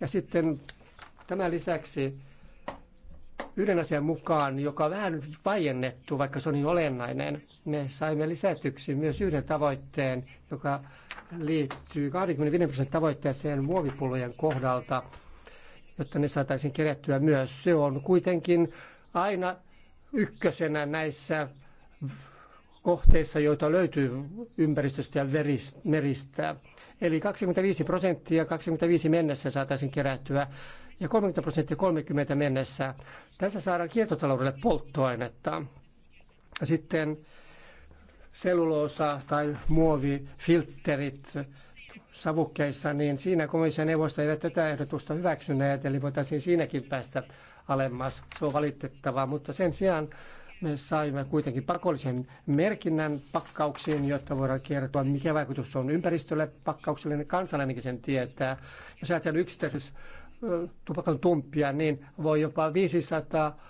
Ja sitten tämän lisäksi yhden asian mukaan, joka on vähän vaiennettu, vaikka se on niin olennainen, me saimme lisätyksi myös yhden tavoitteen, joka liittyy 25 prosentin tavoitteeseen muovipullojen kohdalta, jotta ne saataisiin kerättyä myös. Se on kuitenkin aina ykkösenä näissä kohteissa, joita löytyy ympäristöstä ja meristä. Eli 25 prosenttia 25 mennessä saataisiin kerättyä ja 30 prosenttia 30 mennessä. Tässä saadaan kiertotaloudelle polttoainetta. Sitten selluloosa tai muovifiltterit savukkeissa, niin siinä komission neuvosto eivät tätä ehdotusta hyväksyneet, eli voitaisiin siinäkin päästä alemmas. Se on valitettavaa, mutta sen sijaan me saimme kuitenkin pakollisen merkinnän pakkauksiin, jotta voidaan kertoa, mikä vaikutus on ympäristölle pakkaukselle, niin kansalainenkin sen tietää. Jos ajatellaan yksittäisessä tupakan tumppia, niin voi jopa 500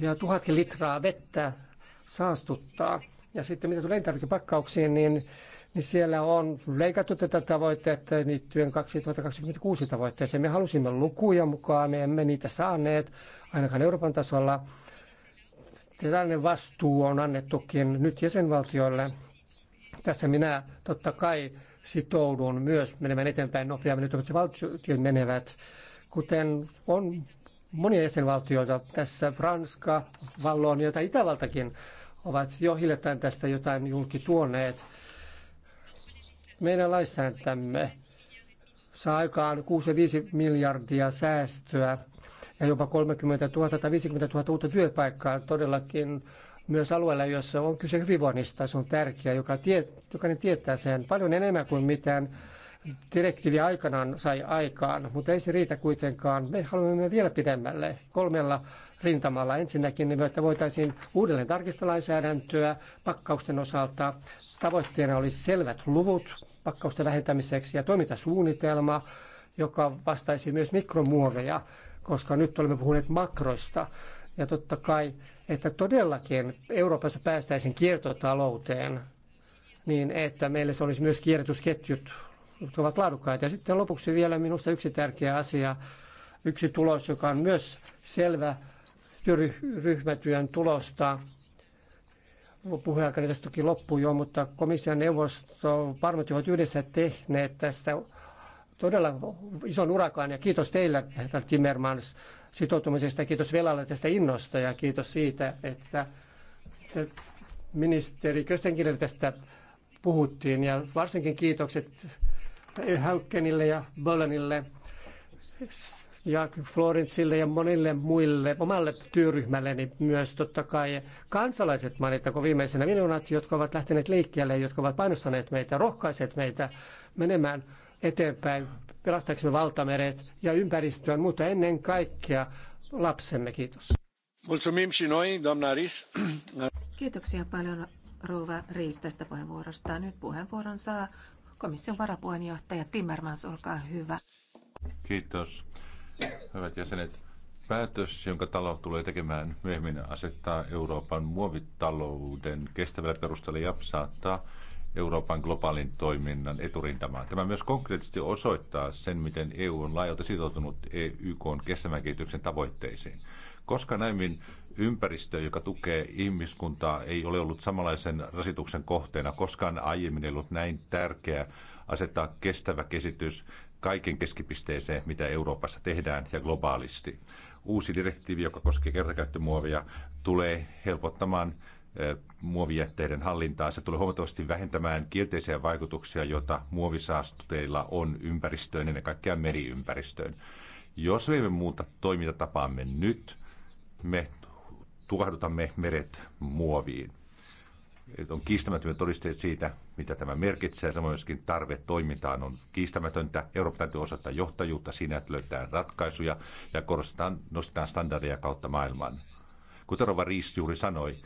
ja 1000 litraa vettä saastuttaa. Ja sitten mitä tulee elintarvikepakkauksiin, niin, niin siellä on leikattu tätä tavoitetta liittyen 2026 tavoitteeseen. Me halusimme lukuja mukaan, me emme niitä saaneet, ainakaan Euroopan tasolla. Tällainen vastuu on annettukin nyt jäsenvaltioille. Tässä minä totta kai sitoudun myös menemään eteenpäin nopeammin, nyt kun valtiot menevät, kuten on monia jäsenvaltioita. Tässä Ranska, Vallonia tai Itävaltakin ovat jo hiljattain tästä jotain julkituoneet. Meidän lainsäädäntämme saa aikaan 6-5 miljardia säästöä ja jopa 30 000 tai 50 000 uutta työpaikkaa todellakin myös alueella, jossa on kyse hyvinvoinnista. Se on tärkeää, joka tie, jokainen tietää sen paljon enemmän kuin mitään direktiivi aikanaan sai aikaan, mutta ei se riitä kuitenkaan. Me haluamme vielä pidemmälle kolmella rintamalla. Ensinnäkin, että voitaisiin uudelleen tarkistaa lainsäädäntöä pakkausten osalta. Tavoitteena olisi selvät luvut pakkausten vähentämiseksi ja toimintasuunnitelma, joka vastaisi myös mikromuoveja koska nyt olemme puhuneet makroista. Ja totta kai, että todellakin Euroopassa päästäisiin kiertotalouteen niin, että meillä se olisi myös kierrätysketjut, jotka ovat laadukkaita. Ja sitten lopuksi vielä minusta yksi tärkeä asia, yksi tulos, joka on myös selvä työryhmätyön tulosta, puheaikani tästä toki loppuu jo, mutta komission neuvosto varmasti ovat yhdessä tehneet tästä todella ison urakan ja kiitos teille, herra Timmermans, sitoutumisesta ja kiitos Velalle tästä innosta ja kiitos siitä, että ministeri Köstenkirjalle tästä puhuttiin ja varsinkin kiitokset Haukkenille ja Böllenille ja Florentsille ja monille muille, omalle työryhmälleni myös totta kai kansalaiset mainittako viimeisenä minunat, jotka ovat lähteneet liikkeelle, jotka ovat painostaneet meitä, rohkaiset meitä menemään eteenpäin pelastaaksemme valtameret ja ympäristöön, mutta ennen kaikkea lapsemme. Kiitos. Kiitoksia paljon rouva Riis tästä puheenvuorosta. Nyt puheenvuoron saa komission varapuheenjohtaja Timmermans, olkaa hyvä. Kiitos. Hyvät jäsenet, päätös, jonka talo tulee tekemään myöhemmin, asettaa Euroopan muovitalouden kestävällä perusteella ja saattaa Euroopan globaalin toiminnan eturintamaan. Tämä myös konkreettisesti osoittaa sen, miten EU on laajalta sitoutunut e YK on kestävän kehityksen tavoitteisiin. Koska näin ympäristö, joka tukee ihmiskuntaa, ei ole ollut samanlaisen rasituksen kohteena, koskaan aiemmin ei ollut näin tärkeää asettaa kestävä kesitys kaiken keskipisteeseen, mitä Euroopassa tehdään ja globaalisti. Uusi direktiivi, joka koskee kertakäyttömuovia, tulee helpottamaan muovijätteiden hallintaa. Se tulee huomattavasti vähentämään kielteisiä vaikutuksia, joita muovisaastuteilla on ympäristöön, ennen kaikkea meriympäristöön. Jos me emme muuta toimintatapaamme nyt, me tukahdutamme meret muoviin. On kiistämättömät todisteet siitä, mitä tämä merkitsee. Samoin myöskin tarve toimintaan on kiistämätöntä. Eurooppa täytyy osoittaa johtajuutta siinä, että löytää ratkaisuja ja korostetaan, nostetaan standardeja kautta maailman. Kuten Rova Riis juuri sanoi,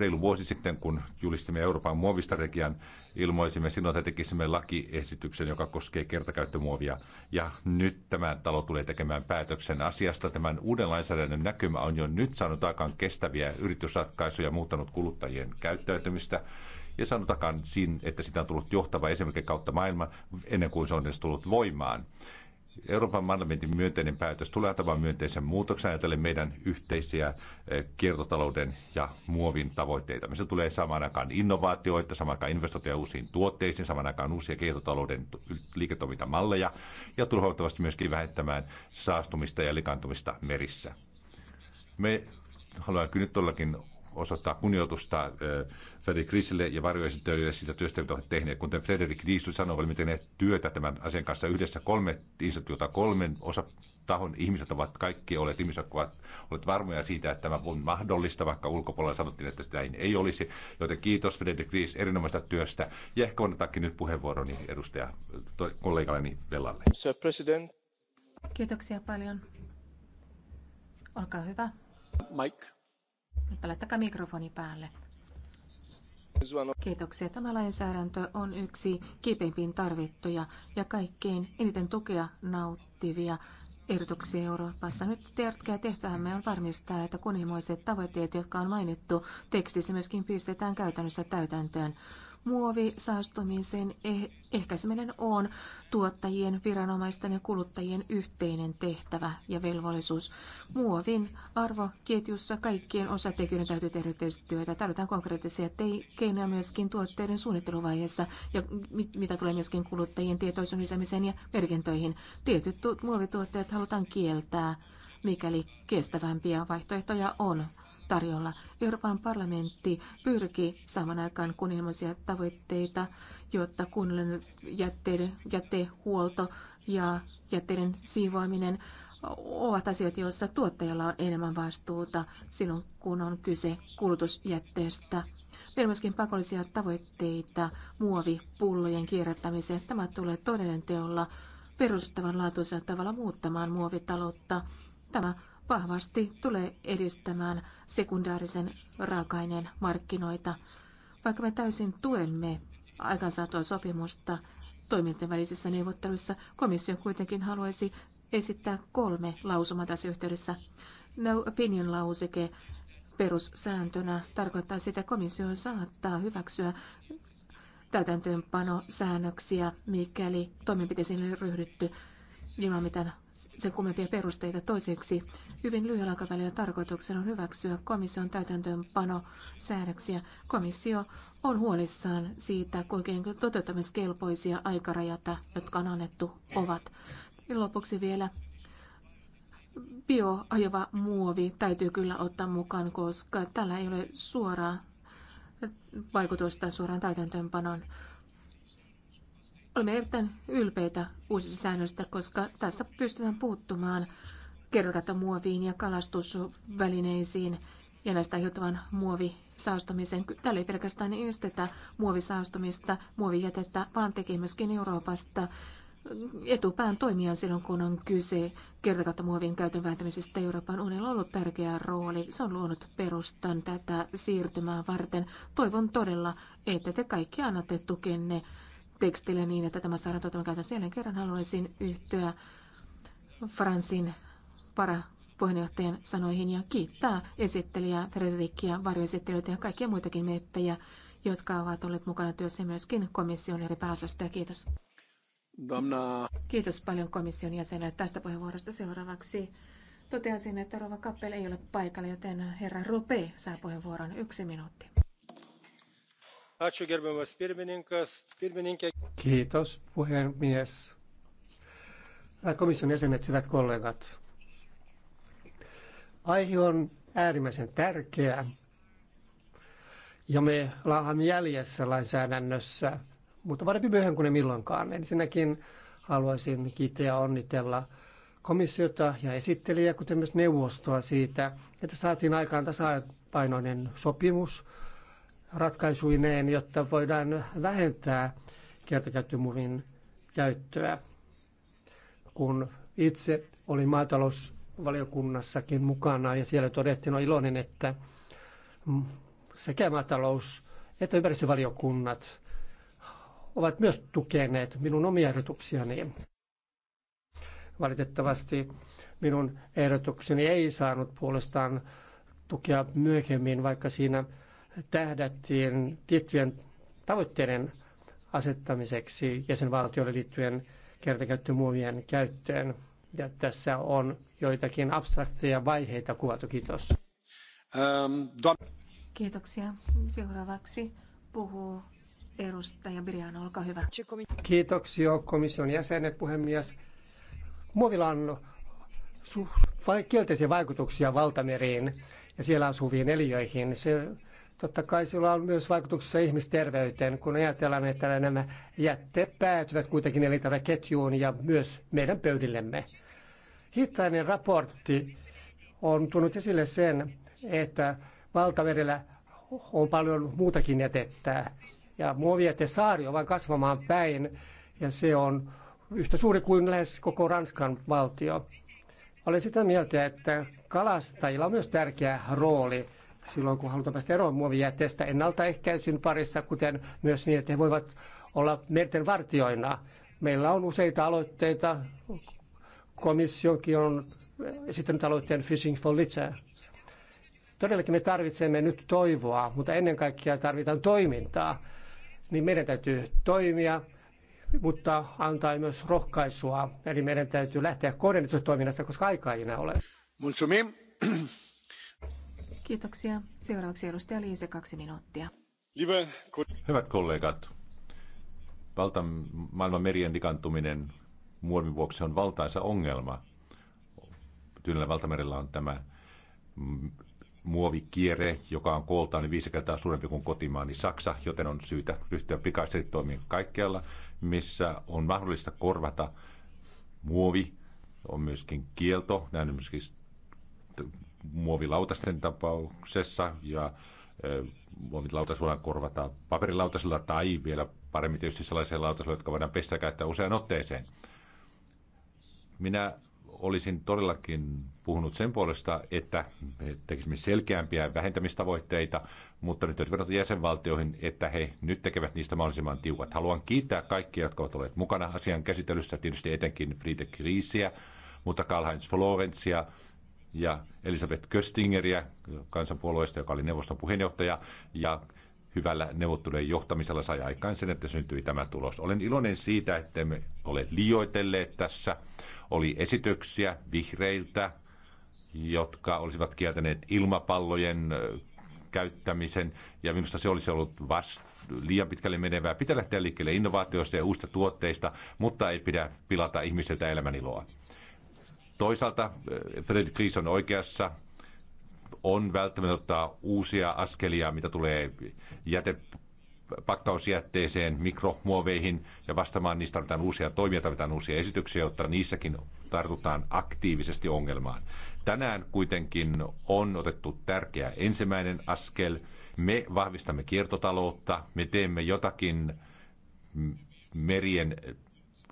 reilu vuosi sitten, kun julistimme Euroopan muovistrategian, ilmoisimme silloin, että tekisimme lakiesityksen, joka koskee kertakäyttömuovia. Ja nyt tämä talo tulee tekemään päätöksen asiasta. Tämän uuden lainsäädännön näkymä on jo nyt saanut aikaan kestäviä yritysratkaisuja, muuttanut kuluttajien käyttäytymistä ja sanotakaan siinä, että sitä on tullut johtava esimerkki kautta maailma ennen kuin se on edes tullut voimaan. Euroopan parlamentin myönteinen päätös tulee antamaan myönteisen muutoksen ajatellen meidän yhteisiä eh, kiertotalouden ja muovin tavoitteita. Se tulee samaan aikaan innovaatioita, samaan aikaan investointeja uusiin tuotteisiin, samaan aikaan uusia kiertotalouden liiketoimintamalleja ja turhauttavasti myöskin vähentämään saastumista ja likantumista merissä. Me haluamme nyt todellakin osoittaa kunnioitusta äh, Fredrik Kriisille ja varjoesittelijöille siitä työstä, mitä olette tehneet. Kuten Fredrik Riisu sanoi, olemme tehneet työtä tämän asian kanssa yhdessä kolme instituutiota, kolmen osa tahon ihmiset ovat kaikki olleet, ihmiset ovat olleet varmoja siitä, että tämä on mahdollista, vaikka ulkopuolella sanottiin, että sitä ei olisi. Joten kiitos Fredrik Riis erinomaisesta työstä. Ja ehkä annetaankin nyt puheenvuoroni edustaja kollegalleni Vellalle. Sir President. Kiitoksia paljon. Olkaa hyvä. Mike. Laittakaa mikrofoni päälle. Kiitoksia. Tämä lainsäädäntö on yksi kipeimpiin tarvittuja ja kaikkein eniten tukea nauttivia ehdotuksia Euroopassa. Nyt tärkeä tehtävämme on varmistaa, että kunnimoiset tavoitteet, jotka on mainittu tekstissä, myöskin pistetään käytännössä täytäntöön. Muovisaastumisen eh- ehkäiseminen on tuottajien, viranomaisten ja kuluttajien yhteinen tehtävä ja velvollisuus. Muovin arvoketjussa kaikkien osatekijöiden täytyy tehdä yhteistyötä. Tarvitaan konkreettisia keinoja myöskin tuotteiden suunnitteluvaiheessa ja mitä tulee myöskin kuluttajien tietoisuuden lisäämiseen ja merkintöihin. Tietyt muovituotteet halutaan kieltää mikäli kestävämpiä vaihtoehtoja on tarjolla. Euroopan parlamentti pyrki saman aikaan kunnianhimoisia tavoitteita, jotta kunnallinen jätteiden, jätehuolto ja jätteiden siivoaminen ovat asiat, joissa tuottajalla on enemmän vastuuta silloin, kun on kyse kulutusjätteestä. Meillä on myöskin pakollisia tavoitteita muovipullojen kierrättämiseen. Tämä tulee todellinen teolla perustavanlaatuisella tavalla muuttamaan muovitaloutta. Tämä vahvasti tulee edistämään sekundaarisen raaka-aineen markkinoita. Vaikka me täysin tuemme aikaansaatua sopimusta toimintojen välisissä neuvotteluissa, komissio kuitenkin haluaisi esittää kolme lausumaa tässä yhteydessä. No opinion lauseke perussääntönä tarkoittaa sitä, että komissio saattaa hyväksyä täytäntöönpanosäännöksiä, mikäli toimenpiteisiin on ryhdytty ilman mitään sen kummempia perusteita. Toiseksi hyvin lyhyellä aikavälillä tarkoituksena on hyväksyä komission säädöksiä. Komissio on huolissaan siitä, kuinka toteuttamiskelpoisia aikarajata, jotka on annettu, ovat. Ja lopuksi vielä bioajova muovi täytyy kyllä ottaa mukaan, koska tällä ei ole suoraa vaikutusta suoraan täytäntöönpanoon. Olemme erittäin ylpeitä uusista säännöistä, koska tässä pystytään puuttumaan kerrokatamuoviin ja kalastusvälineisiin ja näistä aiheutuvan muovisaastumisen. Täällä ei pelkästään estetä muovisaastumista, muovijätettä, vaan tekee myöskin Euroopasta etupään toimijan silloin, kun on kyse kertakattamuovin käytön vähentämisestä Euroopan on ollut tärkeä rooli. Se on luonut perustan tätä siirtymää varten. Toivon todella, että te kaikki annatte tukenne tekstille niin, että tämä saadaan toteutumaan käytännössä. Jälleen kerran haluaisin yhtyä Fransin para puheenjohtajan sanoihin ja kiittää esittelijää Frederikkiä, varjoesittelijöitä ja kaikkia muitakin meppejä, jotka ovat olleet mukana työssä myöskin komission eri pääosastoja. Kiitos. Damna. Kiitos paljon komission jäsenelle tästä puheenvuorosta seuraavaksi. Toteasin, että Rova Kappel ei ole paikalla, joten herra Rope saa puheenvuoron yksi minuutti. Kiitos puhemies. komission jäsenet, hyvät kollegat. Aihe on äärimmäisen tärkeä ja me laahamme jäljessä lainsäädännössä, mutta parempi myöhään kuin ne milloinkaan. Ensinnäkin haluaisin kiittää ja onnitella komissiota ja esittelijää, kuten myös neuvostoa siitä, että saatiin aikaan tasapainoinen sopimus – ratkaisuineen, jotta voidaan vähentää kertakäyttömuovin käyttöä. Kun itse olin maatalousvaliokunnassakin mukana ja siellä todettiin, on no iloinen, että sekä maatalous että ympäristövaliokunnat ovat myös tukeneet minun omia ehdotuksiani. Valitettavasti minun ehdotukseni ei saanut puolestaan tukea myöhemmin, vaikka siinä tähdättiin tiettyjen tavoitteiden asettamiseksi jäsenvaltioille liittyen kertakäyttömuovien käyttöön. Ja tässä on joitakin abstrakteja vaiheita kuvattu. Kiitos. Ähm, Kiitoksia. Seuraavaksi puhuu edustaja Birjan, olkaa hyvä. Kiitoksia komission jäsenet, puhemies. Muovilla on kielteisiä vaikutuksia valtameriin ja siellä asuviin eliöihin. Se Totta kai sillä on myös vaikutuksia ihmisterveyteen, kun ajatellaan, että nämä jätteet päätyvät kuitenkin elintarvikeketjuun ja myös meidän pöydillemme. Hittainen raportti on tullut esille sen, että valtamerellä on paljon muutakin jätettä. Ja saari on vain kasvamaan päin ja se on yhtä suuri kuin lähes koko Ranskan valtio. Olen sitä mieltä, että kalastajilla on myös tärkeä rooli – silloin, kun halutaan päästä eroon muovijätteestä ennaltaehkäisyn parissa, kuten myös niin, että he voivat olla merten vartioina. Meillä on useita aloitteita. Komissiokin on esittänyt aloitteen Fishing for Litter. Todellakin me tarvitsemme nyt toivoa, mutta ennen kaikkea tarvitaan toimintaa. Niin meidän täytyy toimia, mutta antaa myös rohkaisua. Eli meidän täytyy lähteä kohdennetusta toiminnasta, koska aikaa ei enää ole. Mulțumim. Kiitoksia. Seuraavaksi edustaja Liise, kaksi minuuttia. Hyvät kollegat, valta, maailman merien likantuminen muovin vuoksi on valtaisa ongelma. Tyynellä valtamerellä on tämä muovikierre, joka on kooltaan niin viisi kertaa suurempi kuin kotimaani Saksa, joten on syytä ryhtyä pikaisesti toimiin kaikkialla, missä on mahdollista korvata muovi. On myöskin kielto, näin myöskin muovilautasten tapauksessa ja muovilautas voidaan korvata paperilautasella tai vielä paremmin tietysti sellaisella lautasella, jotka voidaan pestä ja käyttää usean otteeseen. Minä olisin todellakin puhunut sen puolesta, että me tekisimme selkeämpiä vähentämistavoitteita, mutta nyt täytyy verrata jäsenvaltioihin, että he nyt tekevät niistä mahdollisimman tiukat. Haluan kiittää kaikkia, jotka ovat olleet mukana asian käsittelyssä, tietysti etenkin Friedrich Riisiä, mutta Karl-Heinz Florencia, ja Elisabeth Köstingeriä kansanpuolueesta, joka oli neuvoston puheenjohtaja, ja hyvällä neuvottelujen johtamisella sai aikaan sen, että syntyi tämä tulos. Olen iloinen siitä, että me ole liioitelleet tässä. Oli esityksiä vihreiltä, jotka olisivat kieltäneet ilmapallojen käyttämisen, ja minusta se olisi ollut vast, liian pitkälle menevää. Pitää lähteä liikkeelle innovaatioista ja uusista tuotteista, mutta ei pidä pilata ihmisiltä elämäniloa. Toisaalta eh, Fredrik Kriis on oikeassa. On välttämättä ottaa uusia askelia, mitä tulee jäte, pakkausjätteeseen, mikromuoveihin ja vastaamaan niistä tarvitaan uusia toimia, tarvitaan uusia esityksiä, jotta niissäkin tartutaan aktiivisesti ongelmaan. Tänään kuitenkin on otettu tärkeä ensimmäinen askel. Me vahvistamme kiertotaloutta, me teemme jotakin merien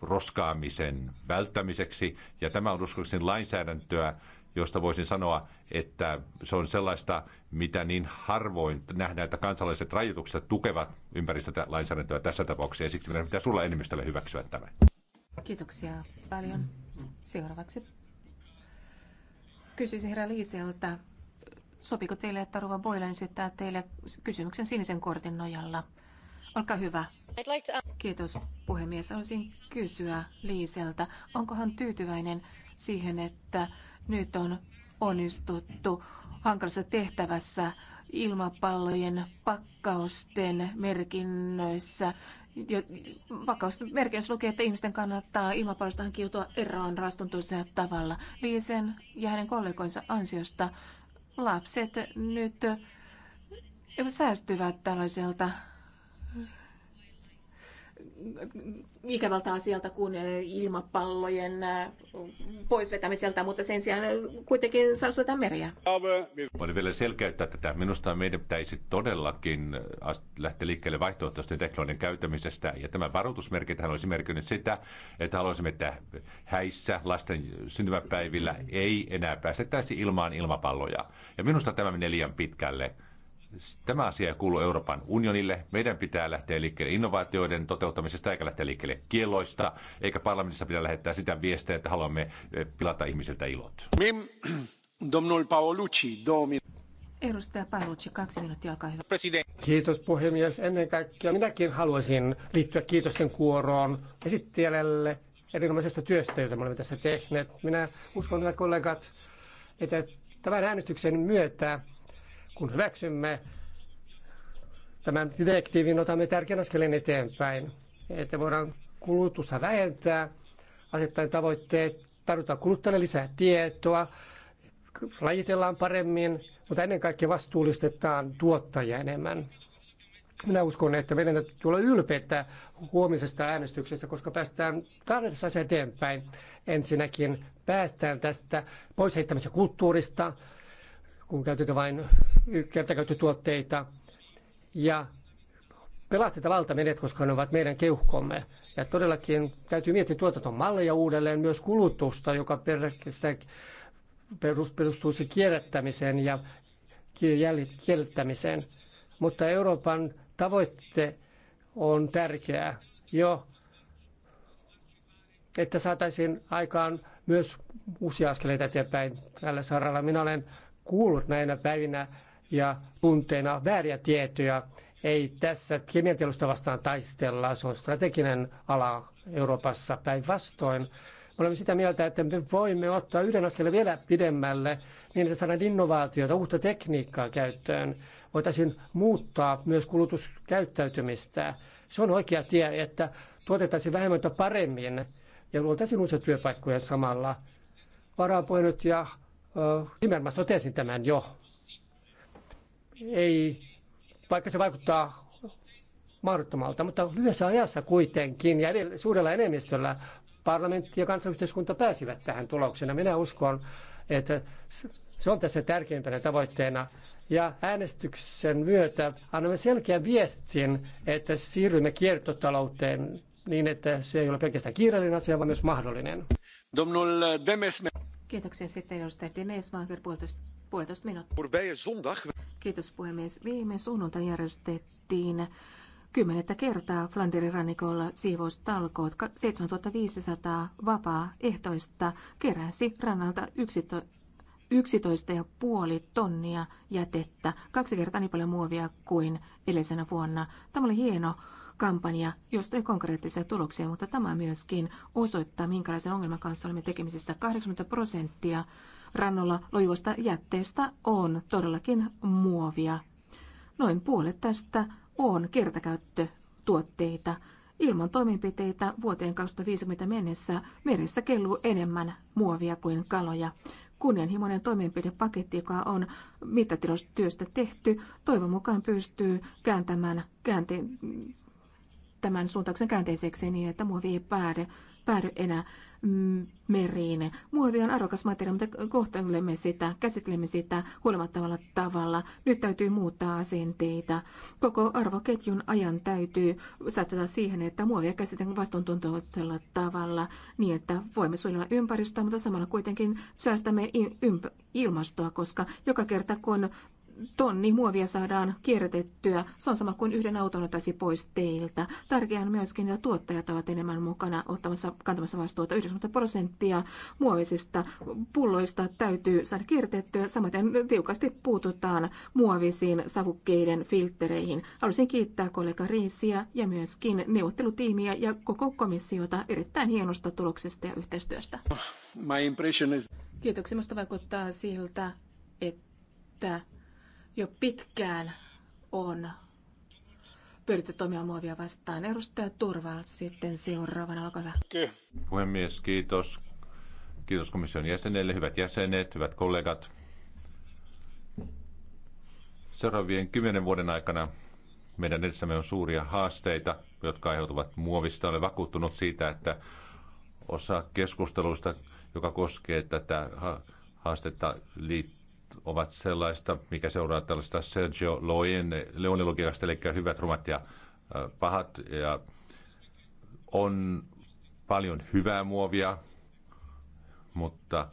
roskaamisen välttämiseksi. Ja tämä on uskoakseni lainsäädäntöä, josta voisin sanoa, että se on sellaista, mitä niin harvoin nähdään, että kansalaiset rajoitukset tukevat ympäristölainsäädäntöä tässä tapauksessa. Ja siksi meidän pitää sulla enemmistölle hyväksyä tämä. Kiitoksia paljon. Seuraavaksi kysyisin herra Liiseltä, sopiko teille, että Ruva Boilen teille kysymyksen sinisen kortin nojalla? Olkaa hyvä. Kiitos puhemies. Haluaisin kysyä Liiseltä, onko hän tyytyväinen siihen, että nyt on onnistuttu hankalassa tehtävässä ilmapallojen pakkausten merkinnöissä. Pakkausten merkinnöissä lukee, että ihmisten kannattaa ilmapallosta hankkiutua eroon rastuntuisella tavalla. Liisen ja hänen kollegoinsa ansiosta lapset nyt säästyvät tällaiselta ikävältä asialta kuin ilmapallojen pois vetämiseltä, mutta sen sijaan kuitenkin saastutetaan meriä. Voin vielä selkeyttää tätä. Minusta meidän pitäisi todellakin lähteä liikkeelle vaihtoehtoisten teknologian käyttämisestä. Ja tämä varoitusmerkintähän olisi merkinnyt sitä, että haluaisimme, että häissä lasten syntymäpäivillä ei enää päästettäisi ilmaan ilmapalloja. Ja minusta tämä menee liian pitkälle Tämä asia kuuluu Euroopan unionille. Meidän pitää lähteä liikkeelle innovaatioiden toteuttamisesta eikä lähteä liikkeelle kieloista, eikä parlamentissa pidä lähettää sitä viestiä, että haluamme eh, pilata ihmisiltä ilot. Mim, domnul Paolucci, domi. Edustaja Paolucci, kaksi minuuttia, olkaa hyvä. President. Kiitos puhemies. Ennen kaikkea minäkin haluaisin liittyä kiitosten kuoroon esittelijälle erinomaisesta työstä, jota me olemme tässä tehneet. Minä uskon, hyvät kollegat, että tämän äänestyksen myötä kun hyväksymme tämän direktiivin, otamme tärkeän askeleen eteenpäin, että voidaan kulutusta vähentää, asettaen tavoitteet, tarvitaan kuluttajalle lisää tietoa, lajitellaan paremmin, mutta ennen kaikkea vastuullistetaan tuottajia enemmän. Minä uskon, että meidän täytyy olla ylpeitä huomisesta äänestyksestä, koska päästään tarvitsessa eteenpäin. Ensinnäkin päästään tästä heittämisen kulttuurista, kun käytetään vain kertakäyttötuotteita ja pelaatte tavalta menet, koska ne ovat meidän keuhkomme. Ja todellakin täytyy miettiä tuotantomalleja uudelleen, myös kulutusta, joka perustuisi kierrättämiseen ja kieltämiseen. Mutta Euroopan tavoitte on tärkeää jo, että saataisiin aikaan myös uusia askeleita eteenpäin tällä saralla. Minä olen kuullut näinä päivinä ja punteina vääriä tietoja. Ei tässä kemiantielusta vastaan taistella, se on strateginen ala Euroopassa päinvastoin. Me olemme sitä mieltä, että me voimme ottaa yhden askeleen vielä pidemmälle niin, että saadaan innovaatiota, uutta tekniikkaa käyttöön. Voitaisiin muuttaa myös kulutuskäyttäytymistä. Se on oikea tie, että tuotettaisiin vähemmän tai paremmin ja luotaisiin uusia työpaikkoja samalla. Varapuheenjohtaja Timmermans totesin tämän jo ei, vaikka se vaikuttaa mahdottomalta, mutta lyhyessä ajassa kuitenkin ja suurella enemmistöllä parlamentti ja kansanyhteiskunta pääsivät tähän tuloksena. Minä uskon, että se on tässä tärkeimpänä tavoitteena. Ja äänestyksen myötä annamme selkeän viestin, että siirrymme kiertotalouteen niin, että se ei ole pelkästään kiireellinen asia, vaan myös mahdollinen. Kiitoksia sitten edustaja Demesmaker puolitoista, puolitoista minuuttia. Kiitos puhemies. Viime sunnuntain järjestettiin kymmenettä kertaa Flanderin rannikolla siivoustalkoot. 7500 vapaaehtoista keräsi rannalta 11,5 tonnia jätettä, kaksi kertaa niin paljon muovia kuin edellisenä vuonna. Tämä oli hieno kampanja, josta ei konkreettisia tuloksia, mutta tämä myöskin osoittaa, minkälaisen ongelman kanssa olemme tekemisissä. 80 prosenttia rannolla lojuvasta jätteestä on todellakin muovia. Noin puolet tästä on kertakäyttötuotteita. Ilman toimenpiteitä vuoteen 2050 mennessä merissä kelluu enemmän muovia kuin kaloja. Kunnianhimoinen toimenpidepaketti, joka on mittatilostyöstä tehty, toivon mukaan pystyy kääntämään käänteen tämän suuntauksen käänteiseksi niin, että muovi ei päädy, päädy enää mm, meriin. Muovi on arvokas materiaali, mutta kohtelemme sitä, käsittelemme sitä huolimattavalla tavalla. Nyt täytyy muuttaa asenteita. Koko arvoketjun ajan täytyy satsata siihen, että muovia käsitellään vastuuntuntoisella tavalla niin, että voimme suojella ympäristöä, mutta samalla kuitenkin säästämme ilmastoa, koska joka kerta kun tonni muovia saadaan kierrätettyä. Se on sama kuin yhden auton ottaisi pois teiltä. Tärkeää on myöskin, että tuottajat ovat enemmän mukana ottamassa, kantamassa vastuuta. 90 prosenttia muovisista pulloista täytyy saada kierrätettyä. Samaten tiukasti puututaan muovisiin savukkeiden filtreihin. Haluaisin kiittää kollega Riisiä ja myöskin neuvottelutiimiä ja koko komissiota erittäin hienosta tuloksesta ja yhteistyöstä. My impression is... Kiitoksia. Minusta vaikuttaa siltä, että jo pitkään on pyritty toimia muovia vastaan. Edustaja Turval sitten seuraavana, olkaa hyvä. Puhemies, kiitos. Kiitos komission jäsenille, hyvät jäsenet, hyvät kollegat. Seuraavien kymmenen vuoden aikana meidän edessämme on suuria haasteita, jotka aiheutuvat muovista. Olen vakuuttunut siitä, että osa keskusteluista, joka koskee tätä haastetta, liittyy ovat sellaista, mikä seuraa tällaista Sergio Leonen logiikasta, eli hyvät, rumat ja pahat. Ja on paljon hyvää muovia, mutta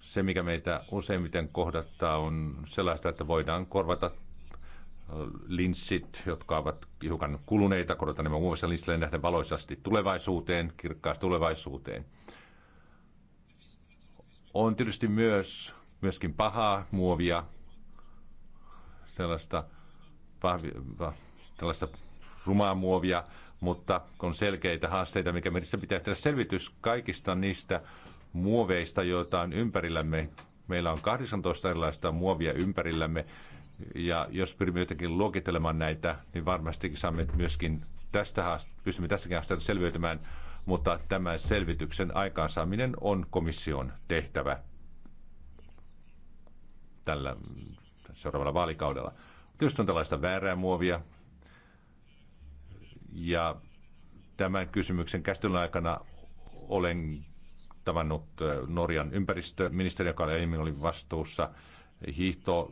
se, mikä meitä useimmiten kohdattaa, on sellaista, että voidaan korvata linssit, jotka ovat hiukan kuluneita, korvata nämä muovissa linssillä nähdä valoisasti tulevaisuuteen, kirkkaasti tulevaisuuteen. On tietysti myös myöskin pahaa muovia, sellaista, pahvi, pah, tällaista rumaa muovia, mutta on selkeitä haasteita, mikä meissä pitää tehdä selvitys kaikista niistä muoveista, joita on ympärillämme. Meillä on 18 erilaista muovia ympärillämme, ja jos pyrimme jotenkin luokittelemaan näitä, niin varmastikin saamme myöskin tästä pystymme tässäkin haasteesta selviytymään, mutta tämän selvityksen aikaansaaminen on komission tehtävä tällä seuraavalla vaalikaudella. Tietysti on tällaista väärää muovia, ja tämän kysymyksen käsittelyn aikana olen tavannut Norjan ympäristöministeri, joka aiemmin oli vastuussa hiihto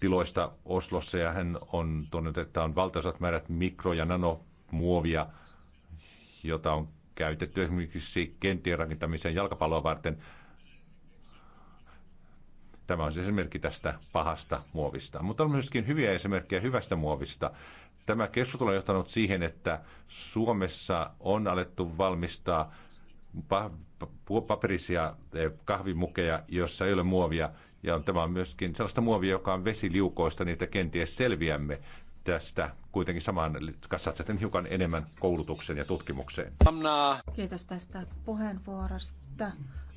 tiloista Oslossa ja hän on tuonut, että on valtaisat määrät mikro- ja nanomuovia, jota on käytetty esimerkiksi kenttien rakentamiseen jalkapalloa varten. Tämä on siis esimerkki tästä pahasta muovista. Mutta on myöskin hyviä esimerkkejä hyvästä muovista. Tämä keskustelu on johtanut siihen, että Suomessa on alettu valmistaa paperisia eh, kahvimukeja, joissa ei ole muovia. Ja tämä on myöskin sellaista muovia, joka on vesiliukoista, niin että kenties selviämme tästä kuitenkin samaan satsaten hiukan enemmän koulutukseen ja tutkimukseen. Kiitos tästä puheenvuorosta.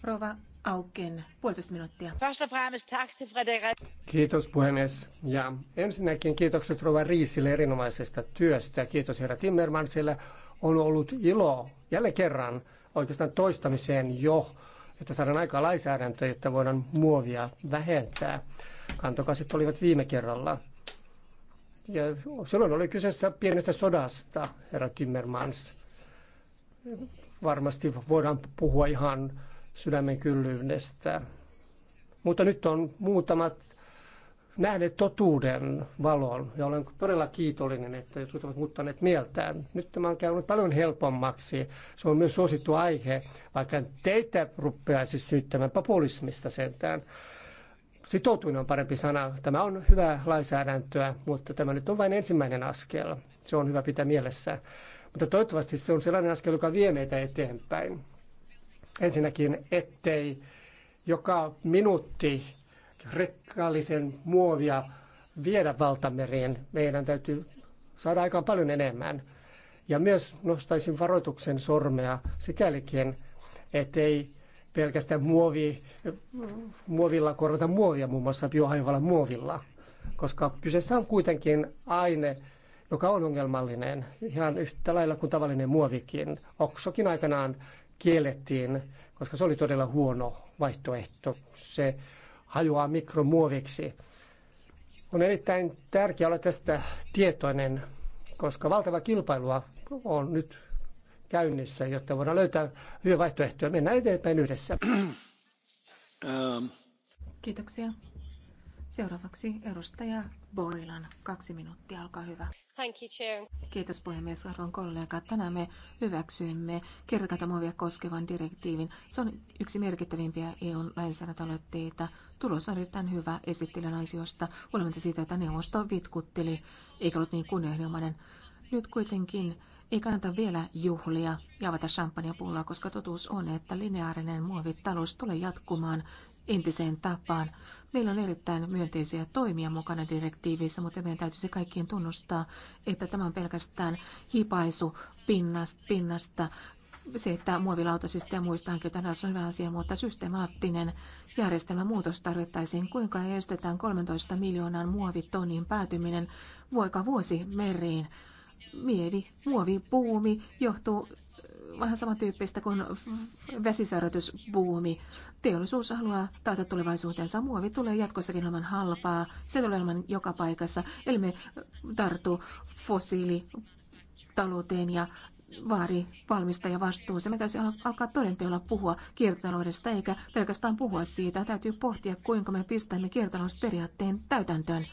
Rova Auken puolitoista minuuttia. Kiitos puhemies. Ja ensinnäkin kiitokset Rova Riisille erinomaisesta työstä. Kiitos herra Timmermansille. On ollut ilo jälleen kerran oikeastaan toistamiseen jo, että saadaan aikaa lainsäädäntöä, jotta voidaan muovia vähentää. Kantokaset olivat viime kerralla. Ja silloin oli kyseessä pienestä sodasta, herra Timmermans. Varmasti voidaan puhua ihan sydämen kyllyydestä. Mutta nyt on muutamat nähneet totuuden valon ja olen todella kiitollinen, että jotkut ovat muuttaneet mieltään. Nyt tämä on käynyt paljon helpommaksi. Se on myös suosittu aihe, vaikka teitä rupeaisi syyttämään populismista sentään. Sitoutuminen on parempi sana. Tämä on hyvä lainsäädäntöä, mutta tämä nyt on vain ensimmäinen askel. Se on hyvä pitää mielessä. Mutta toivottavasti se on sellainen askel, joka vie meitä eteenpäin. Ensinnäkin, ettei joka minuutti rekkallisen muovia viedä valtamereen. Meidän täytyy saada aikaan paljon enemmän. Ja myös nostaisin varoituksen sormea sikälikin, ettei pelkästään muovi, muovilla korvata muovia, muun muassa biohaivalla muovilla, koska kyseessä on kuitenkin aine, joka on ongelmallinen, ihan yhtä lailla kuin tavallinen muovikin. Oksokin aikanaan kiellettiin, koska se oli todella huono vaihtoehto. Se hajoaa mikromuoviksi. On erittäin tärkeää olla tästä tietoinen, koska valtava kilpailua on nyt käynnissä, jotta voidaan löytää hyviä vaihtoehtoja. Mennään eteenpäin yhdessä. Ähm. Kiitoksia. Seuraavaksi edustaja Boilan. Kaksi minuuttia, olkaa hyvä. Thank you, Chair. Kiitos puhemies, arvon kollega. Tänään me hyväksyimme kertakatomuovia koskevan direktiivin. Se on yksi merkittävimpiä EUn lainsäädäntöaloitteita. Tulos on erittäin hyvä esittelyn ansiosta, huolimatta siitä, että neuvosto vitkutteli, eikä ollut niin kunnianhimoinen. Nyt kuitenkin ei kannata vielä juhlia ja avata champagnepulloa, koska totuus on, että lineaarinen muovitalous tulee jatkumaan entiseen tapaan. Meillä on erittäin myönteisiä toimia mukana direktiivissä, mutta meidän täytyisi kaikkien tunnustaa, että tämä on pelkästään hipaisu pinnasta, pinnasta se, että muovilautasista ja muista hankitaan on hyvä asia, mutta systemaattinen järjestelmän muutos tarvittaisiin. Kuinka estetään 13 miljoonan muovitonin päätyminen voika vuosi meriin? Mievi, muovipuumi johtuu vähän samantyyppistä kuin vesisärötysbuumi. Teollisuus haluaa taata tulevaisuutensa. Muovi tulee jatkossakin olemaan halpaa. Se tulee olemaan joka paikassa. Eli me tartu fossiilitalouteen ja vaari valmistaja se Me täytyy alkaa todenteolla puhua kiertotaloudesta, eikä pelkästään puhua siitä. Täytyy pohtia, kuinka me pistämme kiertotalousperiaatteen täytäntöön.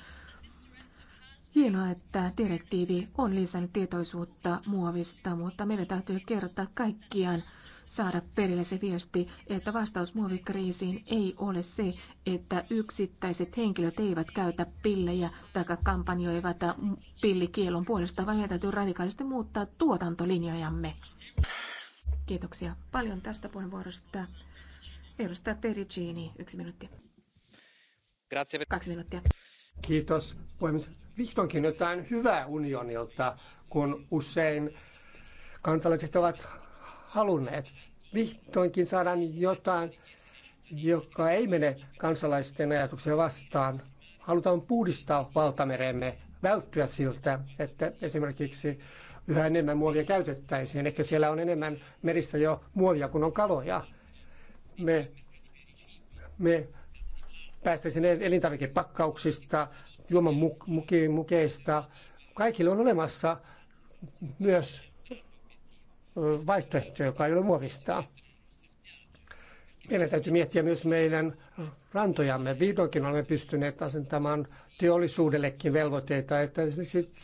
Hienoa, että direktiivi on lisännyt tietoisuutta muovista, mutta meidän täytyy kertoa kaikkiaan saada perille se viesti, että vastaus muovikriisiin ei ole se, että yksittäiset henkilöt eivät käytä pillejä tai kampanjoivat pillikielon puolesta, vaan meidän täytyy radikaalisti muuttaa tuotantolinjojamme. Kiitoksia paljon tästä puheenvuorosta. Edustaja Pericini, yksi minuutti. Kaksi minuuttia. Kiitos puhemies. Vihdoinkin jotain hyvää unionilta, kun usein kansalaiset ovat halunneet. Vihdoinkin saadaan jotain, joka ei mene kansalaisten ajatuksia vastaan. Halutaan puhdistaa valtameremme, välttyä siltä, että esimerkiksi yhä enemmän muovia käytettäisiin. Ehkä siellä on enemmän merissä jo muovia kuin on kaloja. Me, me päästäisiin elintarvikepakkauksista, juoman mukeista. Kaikille on olemassa myös vaihtoehto, joka ei ole muovista. Meidän täytyy miettiä myös meidän rantojamme. Vihdoinkin olemme pystyneet asentamaan teollisuudellekin velvoitteita, että esimerkiksi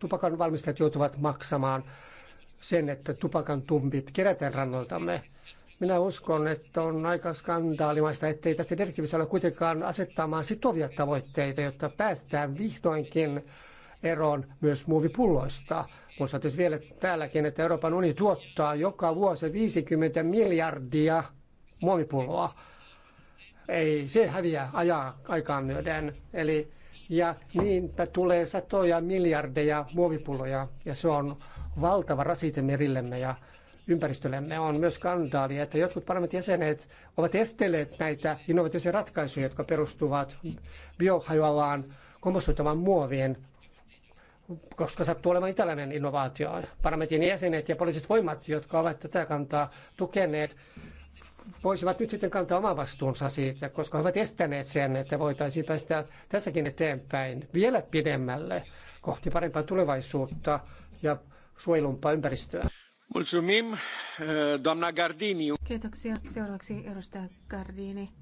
tupakan valmistajat joutuvat maksamaan sen, että tupakan tumpit kerätään rannoiltamme. Minä uskon, että on aika skandaalimaista, ettei tästä direktiivissä ole kuitenkaan asettamaan sitovia tavoitteita, jotta päästään vihdoinkin eroon myös muovipulloista. Muistan tietysti vielä täälläkin, että Euroopan uni tuottaa joka vuosi 50 miljardia muovipulloa. Ei, se häviää ajaa aikaan myöden. Eli, ja niinpä tulee satoja miljardeja muovipulloja ja se on valtava rasite merillemme ja ympäristöllemme on myös skandaali, että jotkut parlamentin jäsenet ovat estelleet näitä innovatiivisia ratkaisuja, jotka perustuvat biohajoavaan kompostoitavaan muovien, koska sattuu olemaan italialainen innovaatio. Parlamentin jäsenet ja poliittiset voimat, jotka ovat tätä kantaa tukeneet, voisivat nyt sitten kantaa oman vastuunsa siitä, koska he ovat estäneet sen, että voitaisiin päästä tässäkin eteenpäin vielä pidemmälle kohti parempaa tulevaisuutta ja suojelumpaa ympäristöä. Mulțumim, eh, doamna Gardini. Kiitoksia. Seuraavaksi edustaja Gardini.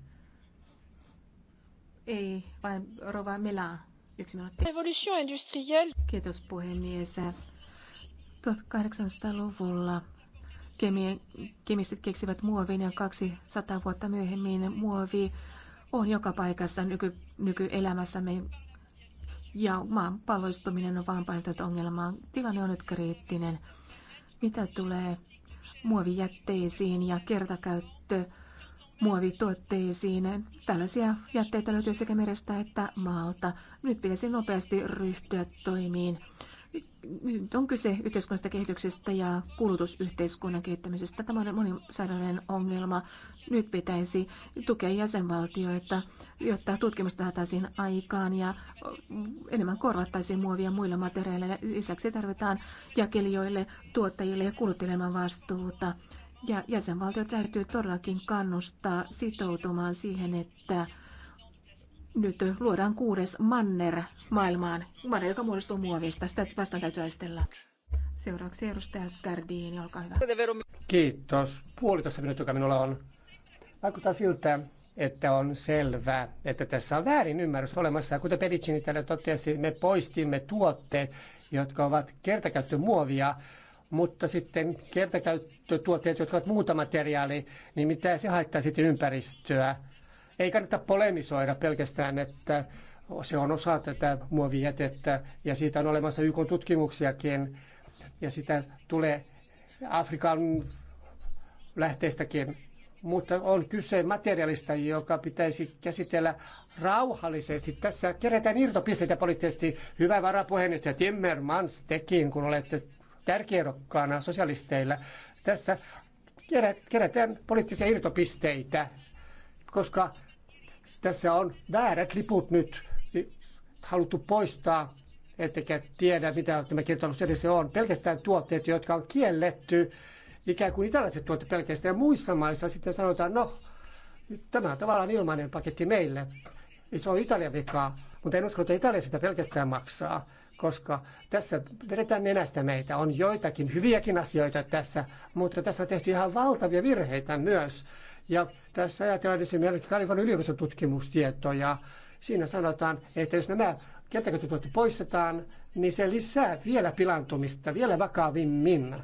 Ei, vain Rova Milan. Yksi minuutti. Evolution industrielle. Kiitos puhemies. 1800-luvulla kemistit keksivät muovin ja 200 vuotta myöhemmin muovi on joka paikassa nyky- nykyelämässämme ja maan palloistuminen on vain painotettu ongelmaa. Tilanne on nyt kriittinen. Mitä tulee muovijätteisiin ja kertakäyttö muovituotteisiin. Tällaisia jätteitä löytyy sekä merestä että maalta. Nyt pitäisi nopeasti ryhtyä toimiin. Nyt on kyse yhteiskunnallisesta kehityksestä ja kulutusyhteiskunnan kehittämisestä. Tämä on monisäädöllinen ongelma. Nyt pitäisi tukea jäsenvaltioita, jotta tutkimusta saataisiin aikaan ja enemmän korvattaisiin muovia muilla materiaaleilla. Lisäksi tarvitaan jakelijoille, tuottajille ja kuluttelemaan vastuuta. Ja jäsenvaltio täytyy todellakin kannustaa sitoutumaan siihen, että nyt luodaan kuudes manner maailmaan. Manner, joka muodostuu muovista. Sitä vastaan täytyy aistella. Seuraavaksi edustaja Gardini, olkaa hyvä. Kiitos. Puolitoista minuuttia, joka minulla on. Vaikuttaa siltä, että on selvää, että tässä on väärin ymmärrys olemassa. Ja kuten Pericini täällä totesi, me poistimme tuotteet, jotka ovat kertakäyttömuovia, mutta sitten kertakäyttötuotteet, jotka ovat muuta materiaali, niin mitä se haittaa sitten ympäristöä? Ei kannata polemisoida pelkästään, että se on osa tätä muovijätettä ja siitä on olemassa YK tutkimuksiakin ja sitä tulee Afrikan lähteistäkin. Mutta on kyse materiaalista, joka pitäisi käsitellä rauhallisesti. Tässä kerätään irtopisteitä poliittisesti. Hyvä varapuheenjohtaja Timmermans tekin, kun olette tärkeäkkaana sosialisteilla. Tässä kerätään poliittisia irtopisteitä, koska tässä on väärät liput nyt haluttu poistaa, ettekä tiedä mitä tämä kertomus edes on. Pelkästään tuotteet, jotka on kielletty, ikään kuin italaiset tuotteet pelkästään. Ja muissa maissa sitten sanotaan, no nyt tämä on tavallaan ilmainen paketti meille. Se on Italian vikaa, mutta en usko, että Italia sitä pelkästään maksaa koska tässä vedetään nenästä meitä. On joitakin hyviäkin asioita tässä, mutta tässä on tehty ihan valtavia virheitä myös. Ja tässä ajatellaan esimerkiksi Kalifornian yliopiston tutkimustietoja. Siinä sanotaan, että jos nämä kenttäkäyttötuotteet poistetaan, niin se lisää vielä pilantumista, vielä vakavimmin.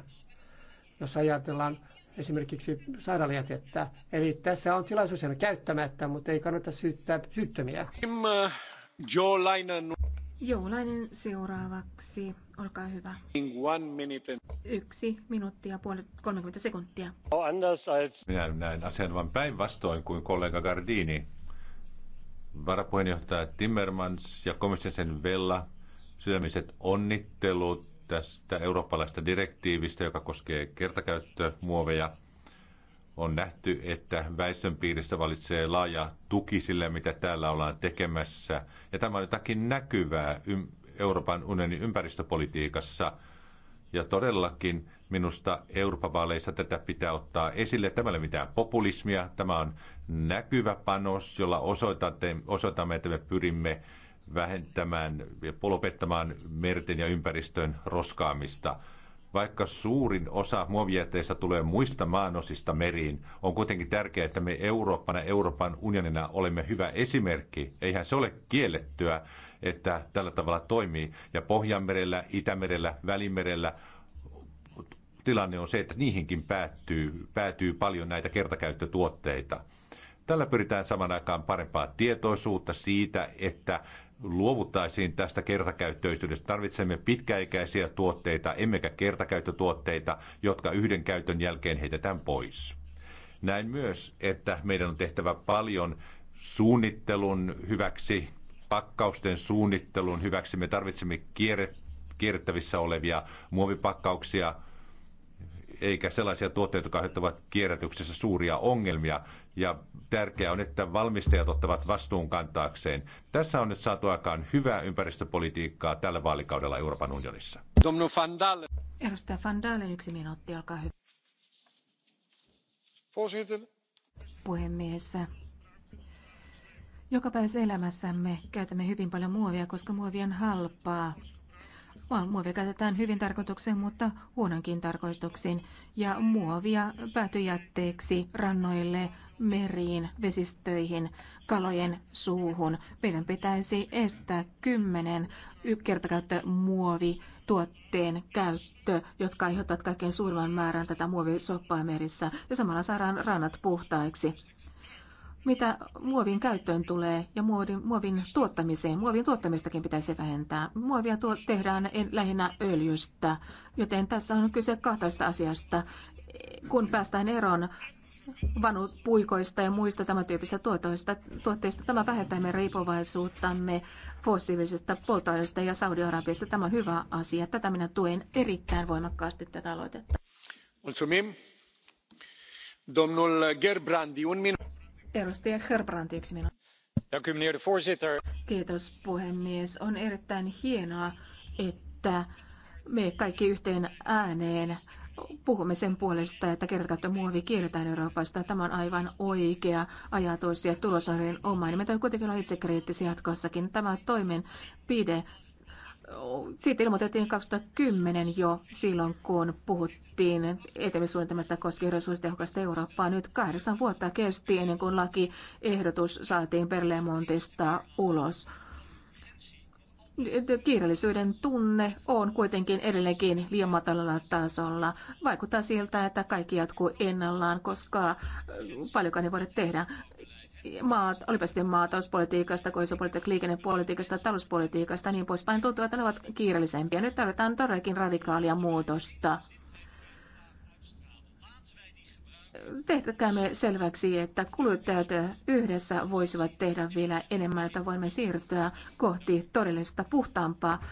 Jos ajatellaan esimerkiksi sairaalajätettä. Eli tässä on tilaisuus käyttämättä, mutta ei kannata syyttää syyttömiä. Joe Lainan. Joulainen seuraavaksi, olkaa hyvä. Yksi minuutti ja puoli, 30 sekuntia. No, Minä näen asian vain päinvastoin kuin kollega Gardini. Varapuheenjohtaja Timmermans ja komission Vella sydämiset onnittelut tästä eurooppalaista direktiivistä, joka koskee kertakäyttömuoveja on nähty, että väestön piirissä valitsee laaja tuki sille, mitä täällä ollaan tekemässä. Ja tämä on jotakin näkyvää Euroopan unionin ympäristöpolitiikassa. Ja todellakin minusta Euroopan vaaleissa tätä pitää ottaa esille. Tämä ei ole mitään populismia. Tämä on näkyvä panos, jolla osoitamme, että me pyrimme vähentämään ja lopettamaan merten ja ympäristön roskaamista – vaikka suurin osa muovijäteistä tulee muista maanosista meriin, on kuitenkin tärkeää, että me Eurooppana, Euroopan unionina olemme hyvä esimerkki. Eihän se ole kiellettyä, että tällä tavalla toimii. Ja Pohjanmerellä, Itämerellä, Välimerellä tilanne on se, että niihinkin päättyy, päätyy paljon näitä kertakäyttötuotteita. Tällä pyritään saman aikaan parempaa tietoisuutta siitä, että luovuttaisiin tästä kertakäyttöisyydestä. Tarvitsemme pitkäikäisiä tuotteita, emmekä kertakäyttötuotteita, jotka yhden käytön jälkeen heitetään pois. Näin myös, että meidän on tehtävä paljon suunnittelun hyväksi, pakkausten suunnittelun hyväksi. Me tarvitsemme kierre, kierrettävissä olevia muovipakkauksia, eikä sellaisia tuotteita, jotka aiheuttavat kierrätyksessä suuria ongelmia ja tärkeää on, että valmistajat ottavat vastuun kantaakseen. Tässä on nyt saatu aikaan hyvää ympäristöpolitiikkaa tällä vaalikaudella Euroopan unionissa. Edustaja Van Dalen, yksi minuutti, olkaa hyvä. Puhemies. Joka päivä elämässämme käytämme hyvin paljon muovia, koska muovi on halpaa. Muovi käytetään hyvin tarkoituksen, mutta huononkin tarkoituksiin. Ja muovia päätyjätteeksi rannoille, meriin, vesistöihin, kalojen suuhun. Meidän pitäisi estää kymmenen muovi tuotteen käyttö, jotka aiheuttavat kaikkein suurimman määrän tätä muovisoppaa merissä, ja samalla saadaan rannat puhtaiksi. Mitä muovin käyttöön tulee ja muovin, muovin tuottamiseen, muovin tuottamistakin pitäisi vähentää. Muovia tuo, tehdään lähinnä öljystä, joten tässä on kyse kahtaista asiasta. Kun päästään eroon vanupuikoista ja muista tämän tyyppistä tuotteista. Tämä vähentää meidän riippuvaisuuttamme fossiilisista polttoaineista ja Saudi-Arabiasta. Tämä on hyvä asia. Tätä minä tuen erittäin voimakkaasti tätä aloitetta. Mulțumim. Domnul Gerbrandi, un minut Edustaja Herbrand, yksi minuutti. Kiitos puhemies. On erittäin hienoa, että me kaikki yhteen ääneen puhumme sen puolesta, että kertakäyttömuovi kielletään Euroopasta. Tämä on aivan oikea ajatus ja tulos on Me täytyy kuitenkin olla itsekriittisiä jatkossakin. Tämä toimenpide siitä ilmoitettiin 2010 jo silloin, kun puhuttiin etenemissuunnitelmasta koskien resurssitehokasta Eurooppaa. Nyt kahdeksan vuotta kesti ennen kuin lakiehdotus saatiin Berlemontista ulos. Kiireellisyyden tunne on kuitenkin edelleenkin liian matalalla tasolla. Vaikuttaa siltä, että kaikki jatkuu ennallaan, koska paljonkaan ei voida tehdä maat, olipa sitten maatalouspolitiikasta, kohdistopolitiikasta, liikennepolitiikasta, talouspolitiikasta ja niin poispäin, tuntuu, että ne ovat kiireellisempiä. Nyt tarvitaan todellakin radikaalia muutosta. Tehtäkäämme selväksi, että kuluttajat yhdessä voisivat tehdä vielä enemmän, että voimme siirtyä kohti todellista puhtaampaa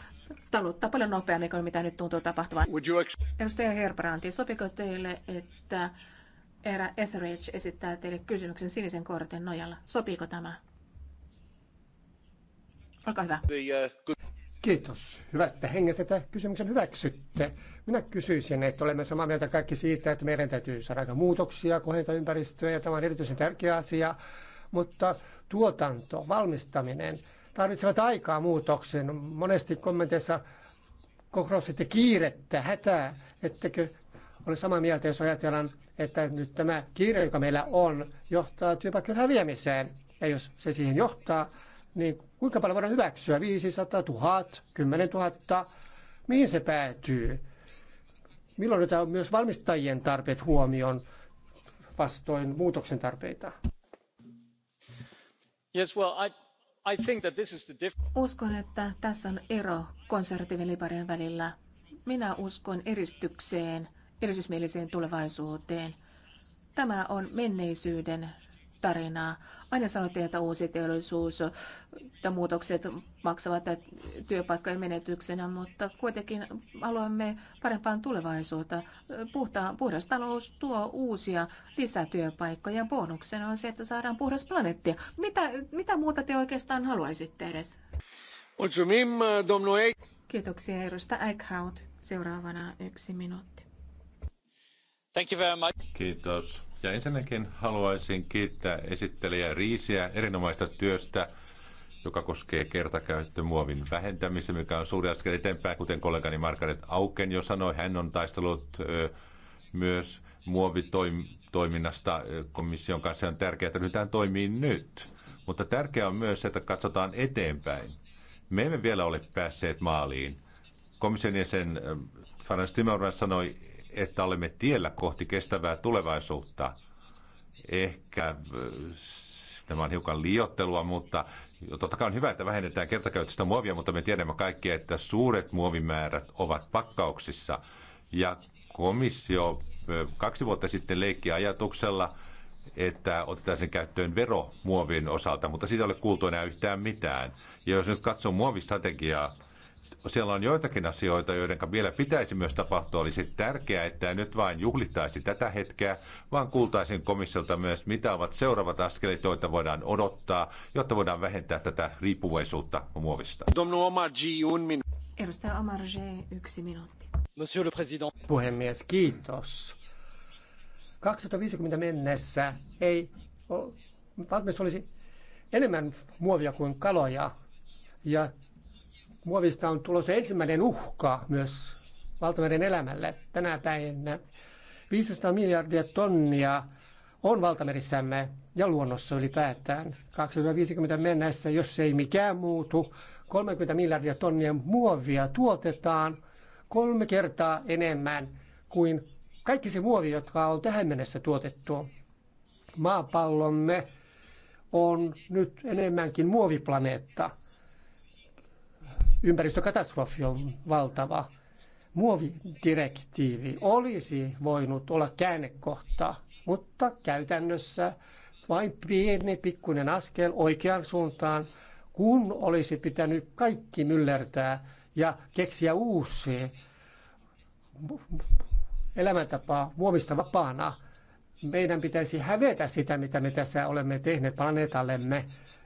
taloutta paljon nopeammin kuin mitä nyt tuntuu tapahtuvan. Edustaja Herbrandi, sopiko teille, että Era Etheridge esittää teille kysymyksen sinisen kortin nojalla. Sopiiko tämä? Olkaa hyvä. Uh, Kiitos. Hyvästä hengestä, että kysymyksen hyväksytte. Minä kysyisin, että olemme samaa mieltä kaikki siitä, että meidän täytyy saada aika muutoksia, kohentaa ympäristöä ja tämä on erityisen tärkeä asia. Mutta tuotanto, valmistaminen tarvitsevat aikaa muutoksen. Monesti kommenteissa kokroustitte kiirettä, hätää. Ettekö ole samaa mieltä, jos ajatellaan että nyt tämä kiire, joka meillä on, johtaa työpaikkojen häviämiseen. Ja jos se siihen johtaa, niin kuinka paljon voidaan hyväksyä? 500, 1000, 10 000? Mihin se päätyy? Milloin otetaan myös valmistajien tarpeet huomioon vastoin muutoksen tarpeita? Yes, well, I... I think that this is the uskon, että tässä on ero konservatiivilibarien välillä. Minä uskon eristykseen – erityismieliseen tulevaisuuteen. Tämä on menneisyyden tarinaa. Aina sanottiin, että uusi teollisuus ja muutokset maksavat työpaikkojen menetyksenä, mutta kuitenkin haluamme parempaan tulevaisuutta. Puhtaan, puhdas talous tuo uusia lisätyöpaikkoja ja bonuksena on se, että saadaan puhdas planeetti. Mitä, mitä muuta te oikeastaan haluaisitte edes? Kiitoksia edustaja Eichhout. Seuraavana yksi minuutti. Thank you very much. Kiitos. Ja ensinnäkin haluaisin kiittää esittelijä Riisiä erinomaista työstä, joka koskee kertakäyttömuovin vähentämistä, mikä on suuri askel eteenpäin, kuten kollegani Margaret Auken jo sanoi. Hän on taistellut myös muovitoiminnasta komission kanssa. On tärkeää, että nyt hän toimii nyt. Mutta tärkeää on myös, että katsotaan eteenpäin. Me emme vielä ole päässeet maaliin. Komission jäsen Franz Timmermans sanoi että olemme tiellä kohti kestävää tulevaisuutta. Ehkä äh, tämä on hiukan liiottelua, mutta totta kai on hyvä, että vähennetään kertakäytöstä muovia, mutta me tiedämme kaikki, että suuret muovimäärät ovat pakkauksissa. Ja komissio äh, kaksi vuotta sitten leikki ajatuksella, että otetaan sen käyttöön vero muovin osalta, mutta siitä ei ole kuultu enää yhtään mitään. Ja jos nyt katsoo muovistrategiaa, siellä on joitakin asioita, joiden vielä pitäisi myös tapahtua. Olisi tärkeää, että nyt vain juhlittaisi tätä hetkeä, vaan kuultaisin komissiolta myös, mitä ovat seuraavat askelit, joita voidaan odottaa, jotta voidaan vähentää tätä riippuvaisuutta muovista. Edustaja G. yksi minuutti. Monsieur le Président. Puhemies, kiitos. 2050 mennessä ei valmis olisi enemmän muovia kuin kaloja. Ja muovista on tulossa ensimmäinen uhka myös valtameren elämälle tänä päivänä. 500 miljardia tonnia on valtamerissämme ja luonnossa ylipäätään. 2050 mennessä, jos ei mikään muutu, 30 miljardia tonnia muovia tuotetaan kolme kertaa enemmän kuin kaikki se muovi, jotka on tähän mennessä tuotettu. Maapallomme on nyt enemmänkin muoviplaneetta – ympäristökatastrofi on valtava. Muovidirektiivi olisi voinut olla käännekohta, mutta käytännössä vain pieni pikkuinen askel oikeaan suuntaan, kun olisi pitänyt kaikki myllertää ja keksiä uusi elämäntapa muovista vapaana. Meidän pitäisi hävetä sitä, mitä me tässä olemme tehneet planeetallemme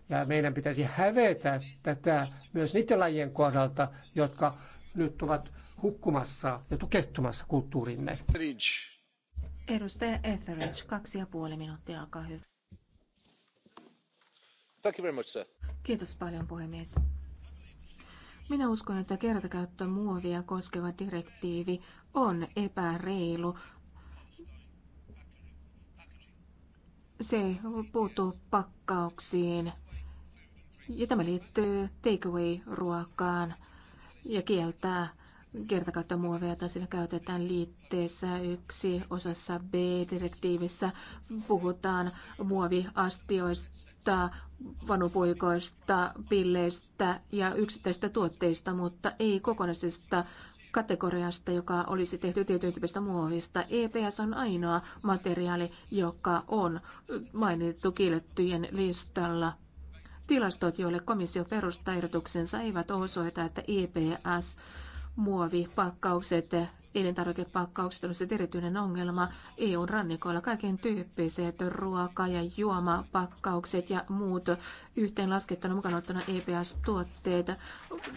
ja meidän pitäisi hävetä tätä myös niiden lajien kohdalta, jotka nyt ovat hukkumassa ja tukehtumassa kulttuurimme. Etheridge. Edustaja Etheridge, kaksi ja puoli minuuttia, alkaa hyvä. Thank you very much, sir. Kiitos paljon, puhemies. Minä uskon, että kertakäyttömuovia koskeva direktiivi on epäreilu. Se puuttuu pakkauksiin ja tämä liittyy takeaway-ruokaan ja kieltää kertakäyttömuoveja, joita siinä käytetään liitteessä yksi osassa B-direktiivissä. Puhutaan muoviastioista, vanupuikoista, pilleistä ja yksittäisistä tuotteista, mutta ei kokonaisesta kategoriasta, joka olisi tehty tietyn tyyppistä muovista. EPS on ainoa materiaali, joka on mainittu kiellettyjen listalla – Tilastot, joille komissio perustaa ehdotuksensa, eivät osoita, että EPS muovipakkaukset Elintarvikepakkaukset olisivat erityinen ongelma EUn rannikoilla. Kaiken tyyppiset ruoka- ja juomapakkaukset ja muut yhteenlaskettuna mukana ottana EPS-tuotteet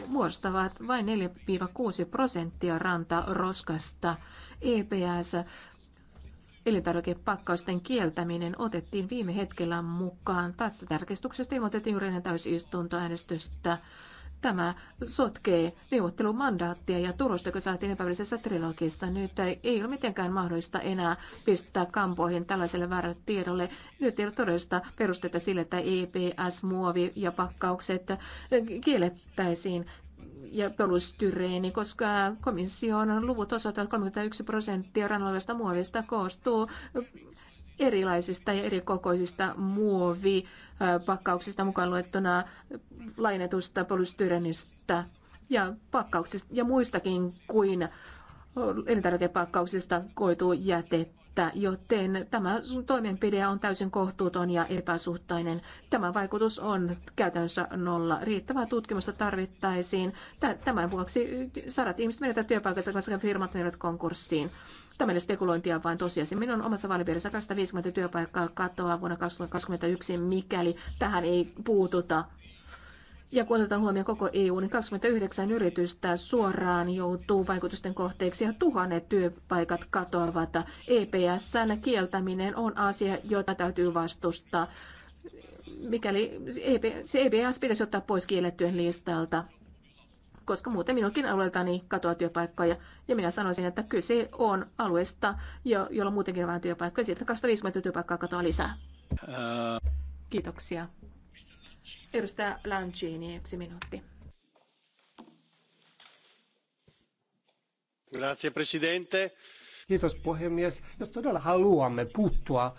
muodostavat vain 4-6 prosenttia rantaroskasta. EPS Elintarvikepakkausten kieltäminen otettiin viime hetkellä mukaan. Tässä tarkistuksesta ilmoitettiin juuri ennen täysistuntoäänestystä. Tämä sotkee neuvottelumandaattia ja tulosta, joka saatiin epävälisessä trilogissa. Nyt ei ole mitenkään mahdollista enää pistää kampoihin tällaiselle väärälle tiedolle. Nyt ei ole todellista perustetta sille, että EPS, muovi ja pakkaukset kiellettäisiin ja polystyreeni, koska komission luvut osoittavat, että 31 prosenttia rannollista muovista koostuu erilaisista ja erikokoisista muovipakkauksista mukaan luettuna lainetusta polystyrenistä ja pakkauksista ja muistakin kuin elintarvikepakkauksista koituu jätettä että joten tämä toimenpide on täysin kohtuuton ja epäsuhtainen. Tämä vaikutus on käytännössä nolla. Riittävää tutkimusta tarvittaisiin. Tämän vuoksi sadat ihmiset menetät työpaikassa, koska firmat menevät konkurssiin. Tämä ei spekulointia, vaan tosiasia. Minun omassa vaalipiirissä 250 työpaikkaa katoaa vuonna 2021, mikäli tähän ei puututa ja kun otetaan huomioon koko EU, niin 29 yritystä suoraan joutuu vaikutusten kohteeksi ja tuhannet työpaikat katoavat. EPSn kieltäminen on asia, jota täytyy vastustaa. Mikäli e se EPS pitäisi ottaa pois kiellettyjen listalta, koska muuten minunkin alueeltani katoaa työpaikkoja. Ja minä sanoisin, että kyse on alueesta, jolla muutenkin on vähän työpaikkoja. Sieltä 250 työpaikkaa katoaa lisää. Kiitoksia. Edustaja Lancini, yksi minuutti. Grazie, presidente. Kiitos puhemies. Jos todella haluamme puuttua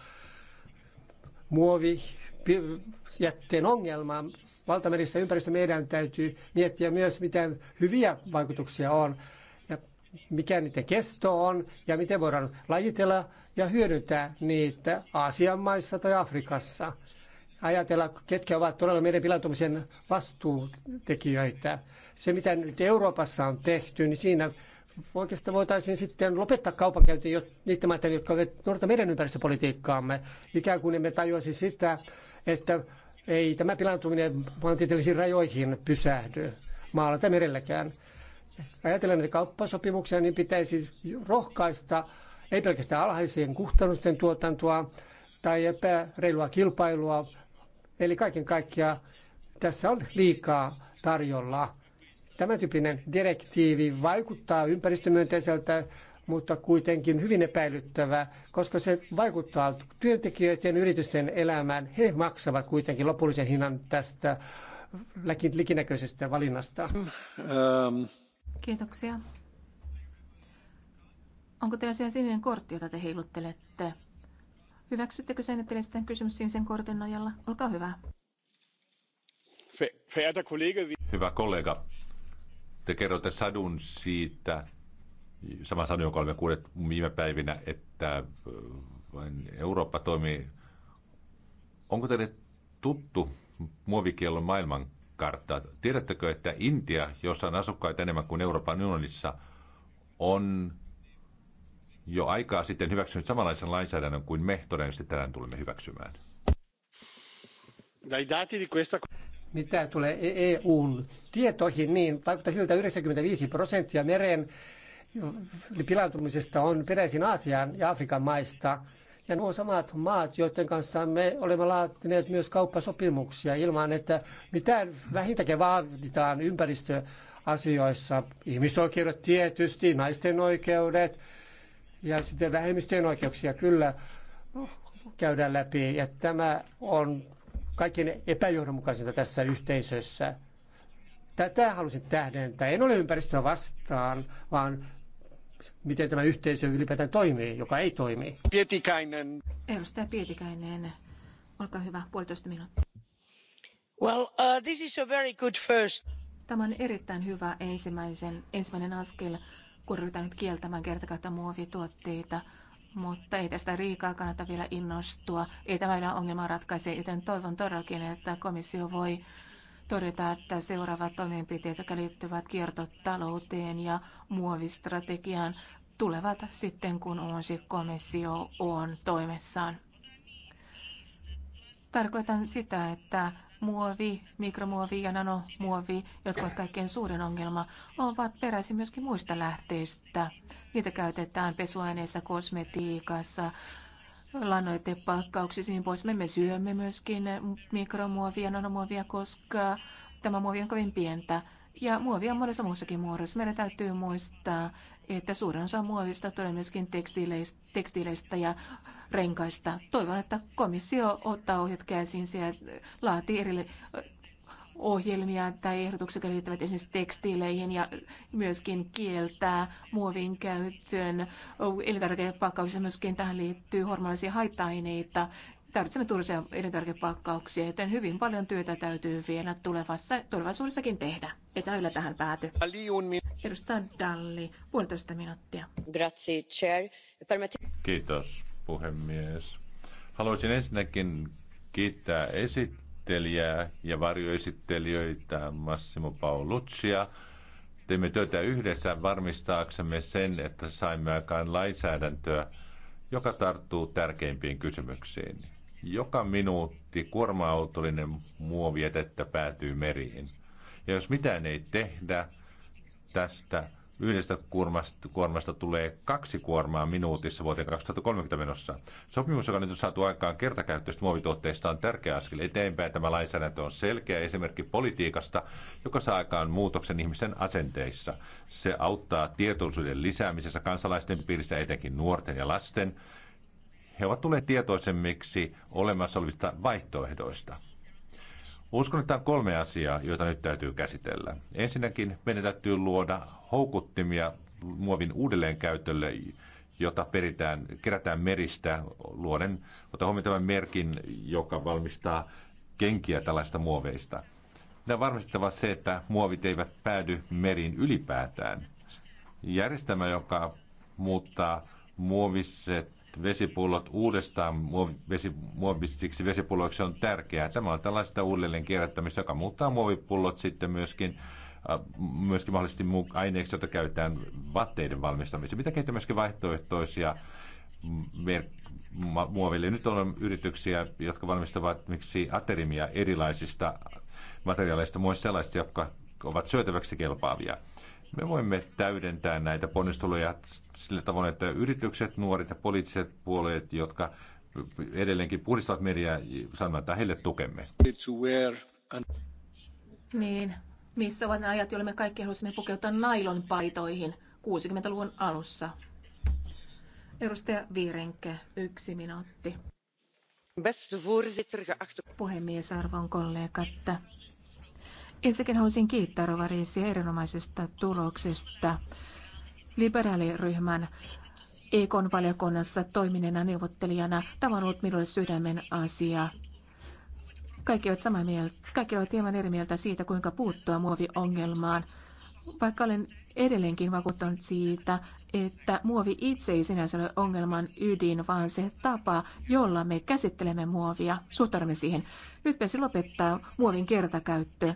muovi jätteen ongelmaan valtamerissä ympäristö, meidän täytyy miettiä myös, mitä hyviä vaikutuksia on ja mikä niiden kesto on ja miten voidaan lajitella ja hyödyntää niitä Aasian maissa tai Afrikassa ajatella, ketkä ovat todella meidän pilantumisen vastuutekijöitä. Se, mitä nyt Euroopassa on tehty, niin siinä oikeastaan voitaisiin sitten lopettaa kaupankäynti jo niiden maiden, jotka noudattavat meidän ympäristöpolitiikkaamme. Ikään kuin emme tajuaisi sitä, että ei tämä pilantuminen maantieteellisiin rajoihin pysähdy maalla tai merelläkään. Ajatellaan, että kauppasopimuksia, niin pitäisi rohkaista ei pelkästään alhaisien kustannusten tuotantoa tai epäreilua kilpailua Eli kaiken kaikkiaan tässä on liikaa tarjolla. Tämä tyyppinen direktiivi vaikuttaa ympäristömyönteiseltä, mutta kuitenkin hyvin epäilyttävä, koska se vaikuttaa työntekijöiden yritysten elämään. He maksavat kuitenkin lopullisen hinnan tästä likinäköisestä valinnasta. Um, ähm. Kiitoksia. Onko teillä siellä sininen kortti, jota te heiluttelette? Hyväksyttekö sen, että esitän kysymys sinisen kortin nojalla? Olkaa hyvä. Hyvä kollega, te kerrotte sadun siitä, sama sadun, jonka olemme kuulleet viime päivinä, että vain Eurooppa toimii. Onko teille tuttu muovikiellon maailmankartta? Tiedättekö, että Intia, jossa on asukkaita enemmän kuin Euroopan unionissa, on jo aikaa sitten hyväksynyt samanlaisen lainsäädännön kuin me todennäköisesti tänään tulemme hyväksymään. Mitä tulee EUn e tietoihin, niin vaikuttaa siltä 95 prosenttia meren pilautumisesta on peräisin Aasian ja Afrikan maista. Ja nuo samat maat, joiden kanssa me olemme laatineet myös kauppasopimuksia ilman, että mitään vähintäkin vaaditaan ympäristöasioissa. Ihmisoikeudet tietysti, naisten oikeudet, ja sitten vähemmistöjen oikeuksia kyllä käydään läpi. Ja tämä on kaikkein epäjohdonmukaisinta tässä yhteisössä. Tätä halusin tähdentää. En ole ympäristöä vastaan, vaan miten tämä yhteisö ylipäätään toimii, joka ei toimi. Pietikäinen. Edustaja Pietikäinen, olkaa hyvä, puolitoista minuuttia. Well, uh, this is a very good first. Tämä on erittäin hyvä ensimmäisen, ensimmäinen askel kun ryhdytään nyt kieltämään kertakautta muovituotteita, mutta ei tästä riikaa kannata vielä innostua. Ei tämä vielä ongelma ratkaise, joten toivon todellakin, että komissio voi todeta, että seuraavat toimenpiteet, jotka liittyvät kiertotalouteen ja muovistrategiaan, tulevat sitten, kun uusi komissio on toimessaan. Tarkoitan sitä, että muovi, mikromuovi ja nanomuovi, jotka ovat kaikkein suurin ongelma, ovat peräisin myöskin muista lähteistä. Niitä käytetään pesuaineissa, kosmetiikassa, lannoitepakkauksissa niin pois. Me, me syömme myöskin mikromuovia, nanomuovia, koska tämä muovi on kovin pientä ja muovia on monessa muussakin muodossa. Meidän täytyy muistaa, että suurin osa muovista tulee myöskin tekstiileistä, tekstiileistä ja renkaista. Toivon, että komissio ottaa ohjat käsiinsä ja laatii erille ohjelmia tai ehdotuksia, jotka liittyvät esimerkiksi tekstiileihin ja myöskin kieltää muovin käytön. Elintarvikepakkauksissa myöskin tähän liittyy hormonallisia haitta-aineita Tarvitsemme turisia elintarvikepakkauksia, joten hyvin paljon työtä täytyy vielä tulevassa, tulevaisuudessakin tehdä. Että yllä tähän pääty. Edustaja Dalli, puolitoista minuuttia. Grazie, chair. Kiitos, puhemies. Haluaisin ensinnäkin kiittää esittelijää ja varjoesittelijöitä Massimo Paulucia. Teimme työtä yhdessä varmistaaksemme sen, että saimme aikaan lainsäädäntöä, joka tarttuu tärkeimpiin kysymyksiin. Joka minuutti kuorma-autollinen muovietettä päätyy meriin. Ja jos mitään ei tehdä, tästä yhdestä kuormasta, kuormasta tulee kaksi kuormaa minuutissa vuoteen 2030 menossa. Sopimus, joka nyt on saatu aikaan kertakäyttöistä muovituotteista, on tärkeä askel eteenpäin. Tämä lainsäädäntö on selkeä esimerkki politiikasta, joka saa aikaan muutoksen ihmisten asenteissa. Se auttaa tietoisuuden lisäämisessä kansalaisten piirissä, etenkin nuorten ja lasten, he ovat tulleet tietoisemmiksi olemassa olevista vaihtoehdoista. Uskon, että on kolme asiaa, joita nyt täytyy käsitellä. Ensinnäkin meidän täytyy luoda houkuttimia muovin uudelleenkäytölle, jota peritään, kerätään meristä luoden. Ota huomioon tämän merkin, joka valmistaa kenkiä tällaista muoveista. Ja varmistettava se, että muovit eivät päädy meriin ylipäätään. Järjestelmä, joka muuttaa muoviset vesipullot uudestaan muovisiksi vesipulloiksi on tärkeää. Tämä on tällaista uudelleen kierrättämistä, joka muuttaa muovipullot sitten myöskin äh, myöskin mahdollisesti aineeksi, joita käytetään vaatteiden valmistamiseen. Mitä kehittää myöskin vaihtoehtoisia muoville? Nyt on yrityksiä, jotka valmistavat miksi aterimia erilaisista materiaaleista, muista sellaisista, jotka ovat syötäväksi kelpaavia. Me voimme täydentää näitä ponnisteluja sillä tavoin, että yritykset, nuoret ja poliittiset puolueet, jotka edelleenkin puhdistavat mediaa, sanotaan, että heille tukemme. Niin, missä ovat ne ajat, joilla me kaikki haluaisimme pukeutua nailon paitoihin 60-luvun alussa? Edustaja Viirenke, yksi minuutti. Puhemies, arvon kollegat. Ensinnäkin haluaisin kiittää Rovariisiä erinomaisesta tuloksesta liberaaliryhmän EKon valiokunnassa toimineena neuvottelijana. tavannut minulle sydämen asia. Kaikki ovat samaa mieltä. Kaikki ovat hieman eri mieltä siitä, kuinka puuttua muoviongelmaan. Vaikka olen edelleenkin vakuuttanut siitä, että muovi itse ei sinänsä ole ongelman ydin, vaan se tapa, jolla me käsittelemme muovia, suhtaudumme siihen. Nyt pitäisi lopettaa muovin kertakäyttö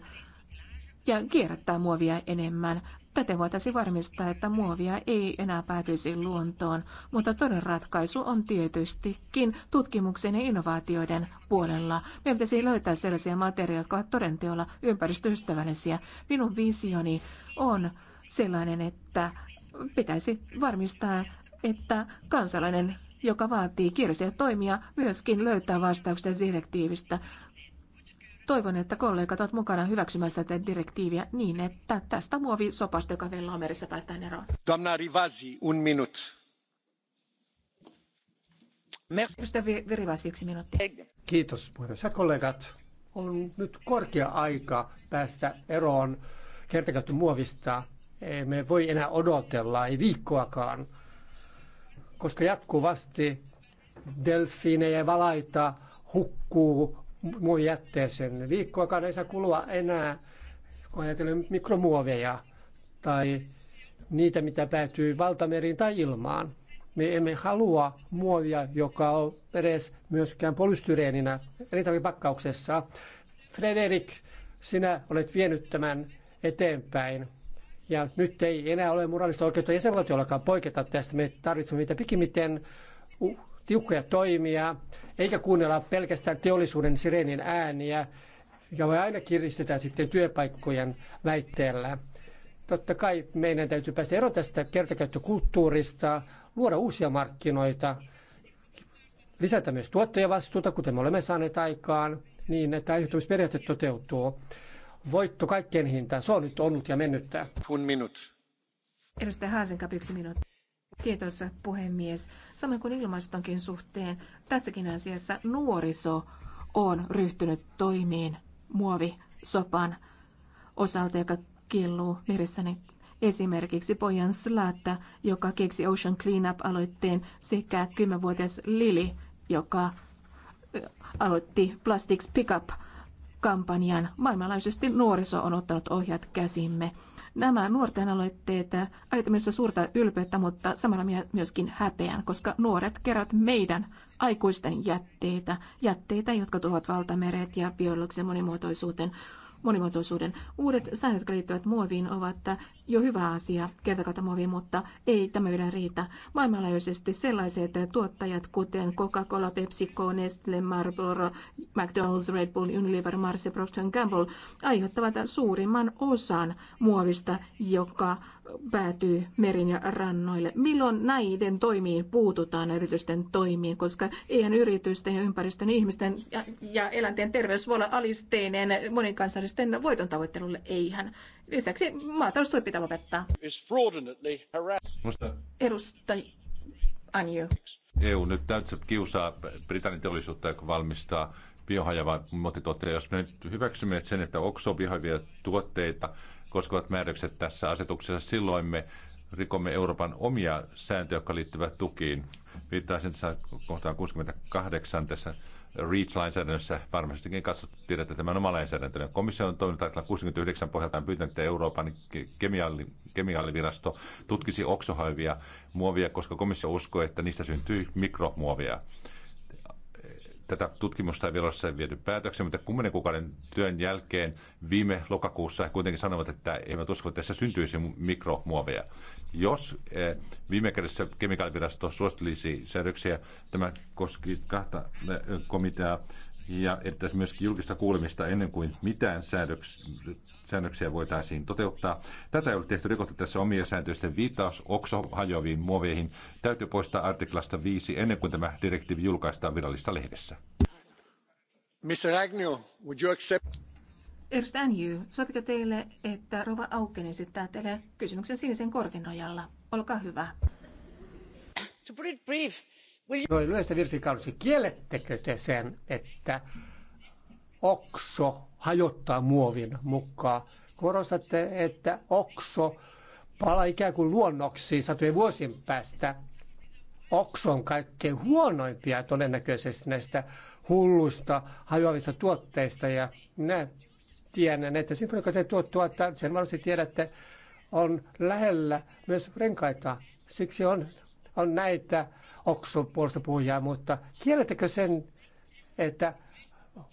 ja kierrättää muovia enemmän. Täten voitaisiin varmistaa, että muovia ei enää päätyisi luontoon, mutta toden ratkaisu on tietystikin tutkimuksen ja innovaatioiden puolella. Meidän pitäisi löytää sellaisia materiaaleja, jotka ovat todenteolla ympäristöystävällisiä. Minun visioni on sellainen, että pitäisi varmistaa, että kansalainen joka vaatii kiireisiä toimia, myöskin löytää vastaukset direktiivistä. Toivon, että kollegat ovat mukana hyväksymässä tätä direktiiviä niin, että tästä muovisopasta, joka velloa merissä, päästään eroon. Doamna Rivasi, un minut. Merci. Rivasi, yksi minuutti. Kiitos, puhemies. kollegat, on nyt korkea aika päästä eroon muovista. Me voi enää odotella, ei viikkoakaan, koska jatkuvasti delfiinejä valaita hukkuu jätteeseen. Viikkoakaan ei saa kulua enää, kun ajatellaan mikromuoveja tai niitä, mitä päätyy valtameriin tai ilmaan. Me emme halua muovia, joka on edes myöskään polystyreeninä elintarvipakkauksessa. Frederik, sinä olet vienyt tämän eteenpäin. Ja nyt ei enää ole moraalista oikeutta jäsenvaltiollakaan poiketa tästä. Me tarvitsemme niitä pikimiten tiukkoja toimia, eikä kuunnella pelkästään teollisuuden sireenin ääniä, ja me aina kiristetään sitten työpaikkojen väitteellä. Totta kai meidän täytyy päästä ero tästä kertakäyttökulttuurista, luoda uusia markkinoita, lisätä myös tuottajavastuuta, kuten me olemme saaneet aikaan, niin että aiheuttamisperiaate toteutuu. Voitto kaikkien hintaan, se on nyt ollut ja mennyttä. Kun minut. Edustaja Haasenkapi, yksi minuutti. Kiitos puhemies. Samoin kuin ilmastonkin suhteen, tässäkin asiassa nuoriso on ryhtynyt toimiin muovisopan osalta, joka killuu merissäni. Esimerkiksi pojan Slatta, joka keksi Ocean Cleanup-aloitteen, sekä 10-vuotias Lili, joka aloitti Plastics Pickup-kampanjan. Maailmanlaajuisesti nuoriso on ottanut ohjat käsimme. Nämä nuorten aloitteet aiheuttavat suurta ylpeyttä, mutta samalla myöskin häpeän, koska nuoret kerät meidän aikuisten jätteitä, jätteitä, jotka tuovat valtameret ja biologisen monimuotoisuuden monimuotoisuuden. Uudet säännöt, jotka liittyvät muoviin, ovat jo hyvä asia kertakautamuovi, mutta ei tämä vielä riitä. Maailmanlaajuisesti sellaiset tuottajat, kuten Coca-Cola, PepsiCo, Nestle, Marlboro, McDonald's, Red Bull, Unilever, Mars ja Procter Gamble aiheuttavat suurimman osan muovista, joka päätyy merin ja rannoille. Milloin näiden toimiin puututaan yritysten toimiin, koska eihän yritysten ja ympäristön ihmisten ja, ja eläinten terveys voi olla alisteinen monikansallisten tavoittelulle, eihän. Lisäksi maataloustuki pitää lopettaa. Edustaja Anju. EU nyt täytyy kiusaa Britannian teollisuutta, joka valmistaa biohajaavaa muotituotteita. Jos me nyt hyväksymme sen, että okso biohaivia tuotteita koskevat määräykset tässä asetuksessa, silloin me rikomme Euroopan omia sääntöjä, jotka liittyvät tukiin. Viittaisin tässä kohtaan 68 tässä REACH-lainsäädännössä varmastikin katsottu, että tämä oman oma Komissio on toiminut 69 pohjalta pyytänyt, että Euroopan kemiaali, kemiaalivirasto tutkisi oksohaivia muovia, koska komissio uskoo, että niistä syntyy mikromuovia. Tätä tutkimusta ei vielä ole viety päätöksen, mutta kymmenen kuukauden työn jälkeen viime lokakuussa he kuitenkin sanovat, että eivät usko, että tässä syntyisi mikromuoveja. Jos eh, viime kädessä kemikaalivirasto suosittelisi säädöksiä, tämä koski kahta eh, komiteaa ja edettäisiin myöskin julkista kuulemista ennen kuin mitään säädöks- säännöksiä voitaisiin toteuttaa. Tätä ei ole tehty rikottu tässä omien sääntöisten viittaus okso hajoaviin muoveihin. Täytyy poistaa artiklasta 5 ennen kuin tämä direktiivi julkaistaan virallisessa lehdessä. Mr. Agnew, would you accept... Edustaja Anju, sopiko teille, että Rova Aukken esittää teille kysymyksen sinisen kortin nojalla? Olkaa hyvä. To put it brief, will you... Noin lyhyestä virsikaudeksi. Kiellettekö te sen, että okso hajottaa muovin mukaan? Korostatte, että okso palaa ikään kuin luonnoksi satujen vuosien päästä. Okso on kaikkein huonoimpia todennäköisesti näistä hulluista hajoavista tuotteista ja näin tiedän, että sinfonikot te tuottaa, sen varmasti tiedätte, on lähellä myös renkaita. Siksi on, on näitä okso puhujaa, mutta kiellettekö sen, että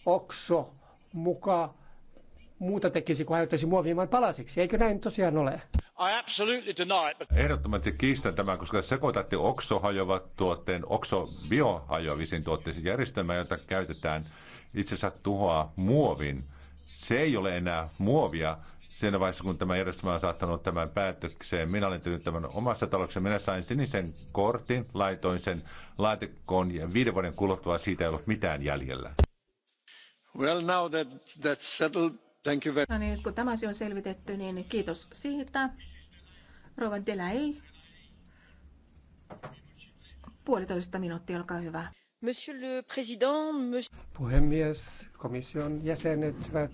okso mukaan muuta tekisi kuin hajottaisi muovimaan palasiksi. Eikö näin tosiaan ole? I absolutely deny it, Ehdottomasti kiistän tämän, koska sekoitatte hajovat tuotteen, oksobiohajoavisiin tuotteisiin järjestelmään, jota käytetään itse asiassa tuhoaa muovin se ei ole enää muovia, siinä vaiheessa, kun tämä järjestelmä on saattanut tämän päätökseen. Minä olen tehnyt tämän omassa talouksessa. Minä sain sinisen kortin, laitoin sen laatikkoon ja viiden vuoden kuluttua siitä ei ollut mitään jäljellä. Well, now that, that's settled. Thank you very... No niin, kun tämä asia on selvitetty, niin kiitos siitä. Rovan ei Puolitoista minuuttia, olkaa hyvä. Puhemies, komission jäsenet, hyvät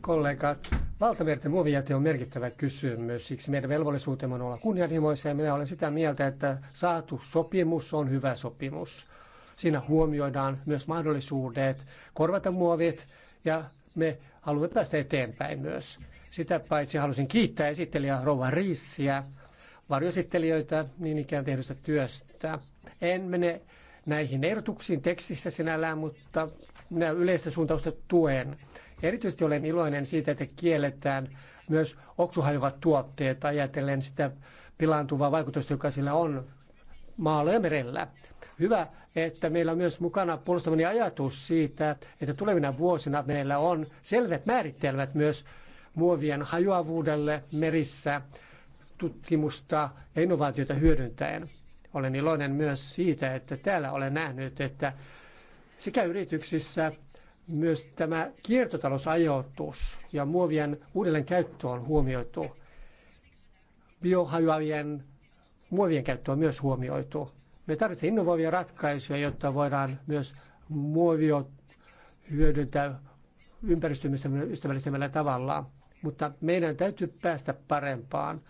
kollegat, valtamerten muovijäte on merkittävä kysymys, siksi meidän velvollisuutemme on olla kunnianhimoisia ja minä olen sitä mieltä, että saatu sopimus on hyvä sopimus. Siinä huomioidaan myös mahdollisuudet korvata muovit ja me haluamme päästä eteenpäin myös. Sitä paitsi halusin kiittää esittelijä Rova Riissiä, varjoesittelijöitä niin ikään tehdystä työstä. En mene näihin ehdotuksiin tekstistä sinällään, mutta minä yleistä suuntausta tuen. Erityisesti olen iloinen siitä, että kielletään myös oksuhajuvat tuotteet ajatellen sitä pilaantuvaa vaikutusta, joka sillä on maalla ja merellä. Hyvä, että meillä on myös mukana puolustamani ajatus siitä, että tulevina vuosina meillä on selvät määritelmät myös muovien hajoavuudelle merissä tutkimusta ja innovaatioita hyödyntäen. Olen iloinen myös siitä, että täällä olen nähnyt, että sekä yrityksissä myös tämä kiertotalousajoitus ja muovien uudelleen käyttö on huomioitu. Biohajoavien muovien käyttö on myös huomioitu. Me tarvitsemme innovoivia ratkaisuja, jotta voidaan myös muovio hyödyntää ympäristöystävällisemmällä tavalla. Mutta meidän täytyy päästä parempaan.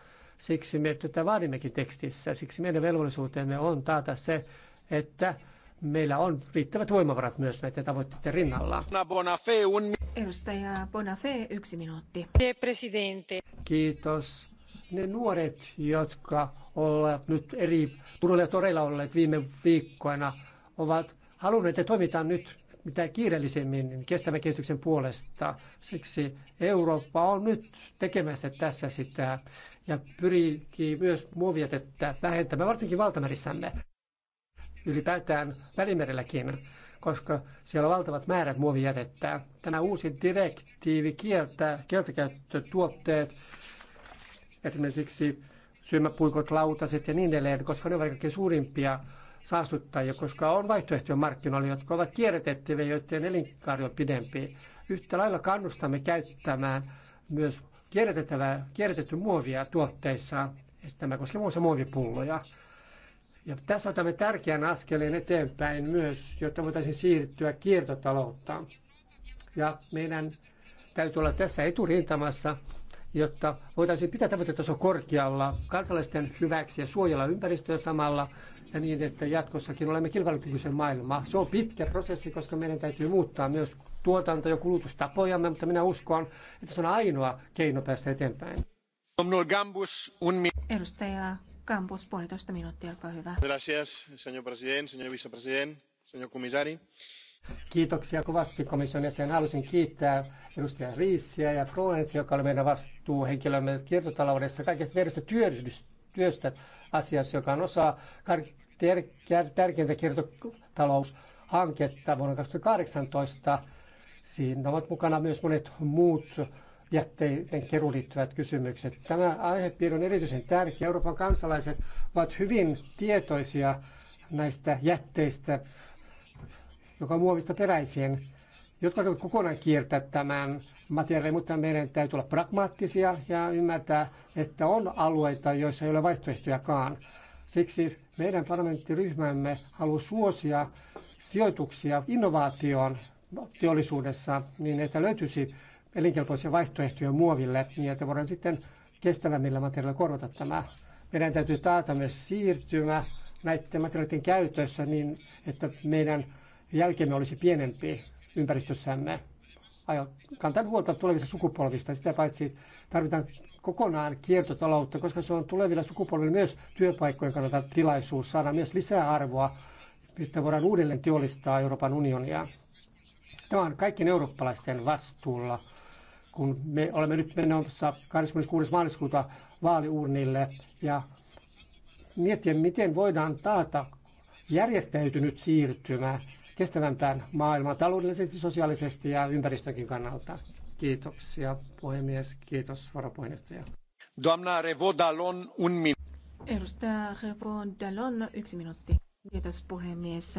Siksi me tätä vaadimmekin tekstissä. Siksi meidän velvollisuutemme on taata se, että meillä on riittävät voimavarat myös näiden tavoitteiden rinnalla. Edustaja Bonafé, yksi minuutti. Kiitos. Ne nuoret, jotka ovat nyt eri turuilla ja toreilla olleet viime viikkoina, ovat halunneet, että toimitaan nyt mitä kiireellisemmin kestävän kehityksen puolesta. Siksi Eurooppa on nyt tekemässä tässä sitä ja pyrkii myös muovijätettä vähentämään, varsinkin valtamerissämme, ylipäätään välimerelläkin, koska siellä on valtavat määrät muovijätettä. Tämä uusi direktiivi kieltää kieltäkäyttötuotteet, esimerkiksi syömäpuikot, lautaset ja niin edelleen, koska ne ovat kaikkein suurimpia saastuttajia, koska on vaihtoehtoja markkinoilla, jotka ovat kierrätettäviä, joiden elinkaari on pidempi. Yhtä lailla kannustamme käyttämään myös kierrätetty muovia tuotteissa. Siis tämä koskee muun muassa muovipulloja. Ja tässä otamme tärkeän askeleen eteenpäin myös, jotta voitaisiin siirtyä kiertotaloutta. Ja meidän täytyy olla tässä eturintamassa, jotta voitaisiin pitää tavoitetaso korkealla kansalaisten hyväksi ja suojella ympäristöä samalla ja niin, että jatkossakin olemme kilpailukykyisen maailma. Se on pitkä prosessi, koska meidän täytyy muuttaa myös tuotanto- ja kulutustapojamme, mutta minä uskon, että se on ainoa keino päästä eteenpäin. Edustaja Gambus, puolitoista minuuttia, olkaa hyvä. Gracias, señor presidente, señor vicepresidente, señor comisari. Kiitoksia kovasti komission jäsen. Haluaisin kiittää edustaja Riisiä ja Florence, joka oli meidän vastuuhenkilömme kiertotaloudessa, kaikesta tehdystä asiassa, joka on osa tärkeintä kiertotaloushanketta vuonna 2018. Siinä ovat mukana myös monet muut jätteiden keruun liittyvät kysymykset. Tämä aihepiiri on erityisen tärkeä. Euroopan kansalaiset ovat hyvin tietoisia näistä jätteistä, joka on muovista peräisin. Jotkut ovat kokonaan kiertää tämän materiaalin, mutta meidän täytyy olla pragmaattisia ja ymmärtää, että on alueita, joissa ei ole vaihtoehtojakaan. Siksi meidän parlamenttiryhmämme haluaa suosia sijoituksia innovaatioon teollisuudessa niin, että löytyisi elinkelpoisia vaihtoehtoja muoville, niin että voidaan sitten kestävämmillä materiaaleilla korvata tämä. Meidän täytyy taata myös siirtymä näiden materiaalien käytössä niin, että meidän jälkemme olisi pienempi ympäristössämme kantaa huolta tulevista sukupolvista. Sitä paitsi tarvitaan kokonaan kiertotaloutta, koska se on tulevilla sukupolvilla myös työpaikkojen kannalta tilaisuus saada myös lisää arvoa, että voidaan uudelleen teollistaa Euroopan unionia. Tämä on kaikkien eurooppalaisten vastuulla, kun me olemme nyt menossa 26. maaliskuuta vaaliurnille ja miettiä, miten voidaan taata järjestäytynyt siirtymä kestävämpään maailmaan taloudellisesti, sosiaalisesti ja ympäristönkin kannalta. Kiitoksia puhemies, kiitos varapuheenjohtaja. Doamna Revodalon, un min. Edustaja Revodalon, yksi minuutti. Kiitos puhemies.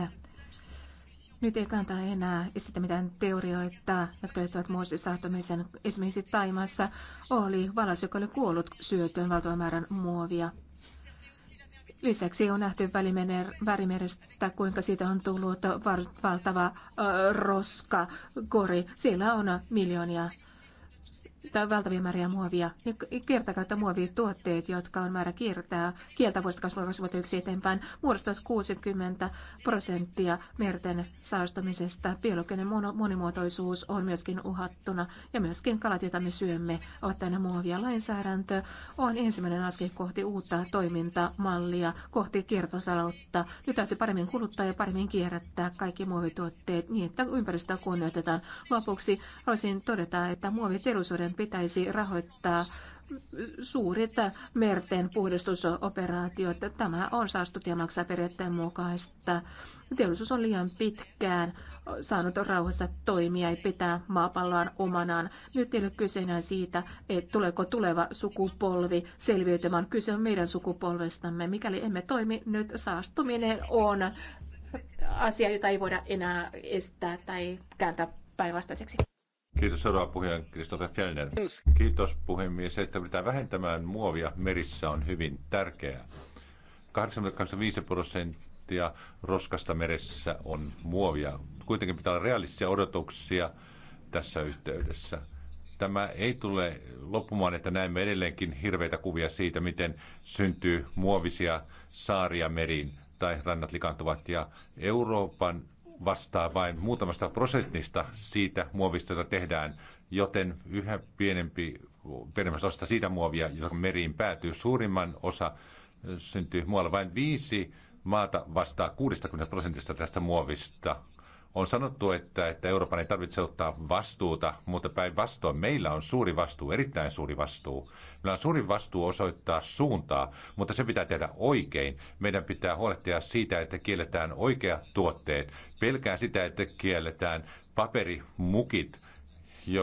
Nyt ei kannata enää esittää mitään teorioita, jotka liittyvät Moosin saattamisen Esimerkiksi Taimassa oli valas, joka oli kuollut syötyön valtavan määrän muovia. Lisäksi on nähty Välimerestä, kuinka siitä on tullut valtava roska, kori. Siellä on miljoonia tai valtavia määriä muovia ja kiertäkäyttä tuotteet, jotka on määrä kiertää kieltä vuodesta 2021 eteenpäin, muodostavat 60 prosenttia merten saastumisesta. Biologinen monimuotoisuus on myöskin uhattuna ja myöskin kalat, joita me syömme, ovat täynnä muovia. Lainsäädäntö on ensimmäinen askel kohti uutta toimintamallia, kohti kiertotaloutta. Nyt täytyy paremmin kuluttaa ja paremmin kierrättää kaikki muovituotteet niin, että ympäristöä kunnioitetaan. Lopuksi haluaisin todeta, että muoviteollisuuden pitäisi rahoittaa suurit merten puhdistusoperaatiot. Tämä on ja maksaa periaatteen mukaista. Teollisuus on liian pitkään saanut rauhassa toimia ja pitää maapalloaan omanaan. Nyt ei ole kyse enää siitä, että tuleeko tuleva sukupolvi selviytymään. Kyse on meidän sukupolvestamme. Mikäli emme toimi, nyt saastuminen on asia, jota ei voida enää estää tai kääntää päinvastaiseksi. Kiitos seuraava puheen Kristoffer Fjellner. Kiitos puhemies. Se, että pitää vähentämään muovia merissä on hyvin tärkeää. 85 prosenttia roskasta meressä on muovia. Kuitenkin pitää olla realistisia odotuksia tässä yhteydessä. Tämä ei tule loppumaan, että näemme edelleenkin hirveitä kuvia siitä, miten syntyy muovisia saaria meriin tai rannat likantuvat. Ja Euroopan vastaa vain muutamasta prosentista siitä muovista, jota tehdään, joten yhä pienempi, pienemmästä osasta siitä muovia, joka meriin päätyy, suurimman osa syntyy muualla. Vain viisi maata vastaa 60 prosentista tästä muovista. On sanottu, että, että Euroopan ei tarvitse ottaa vastuuta, mutta päinvastoin meillä on suuri vastuu, erittäin suuri vastuu. Meillä on suuri vastuu osoittaa suuntaa, mutta se pitää tehdä oikein. Meidän pitää huolehtia siitä, että kielletään oikeat tuotteet. Pelkään sitä, että kielletään paperimukit, jos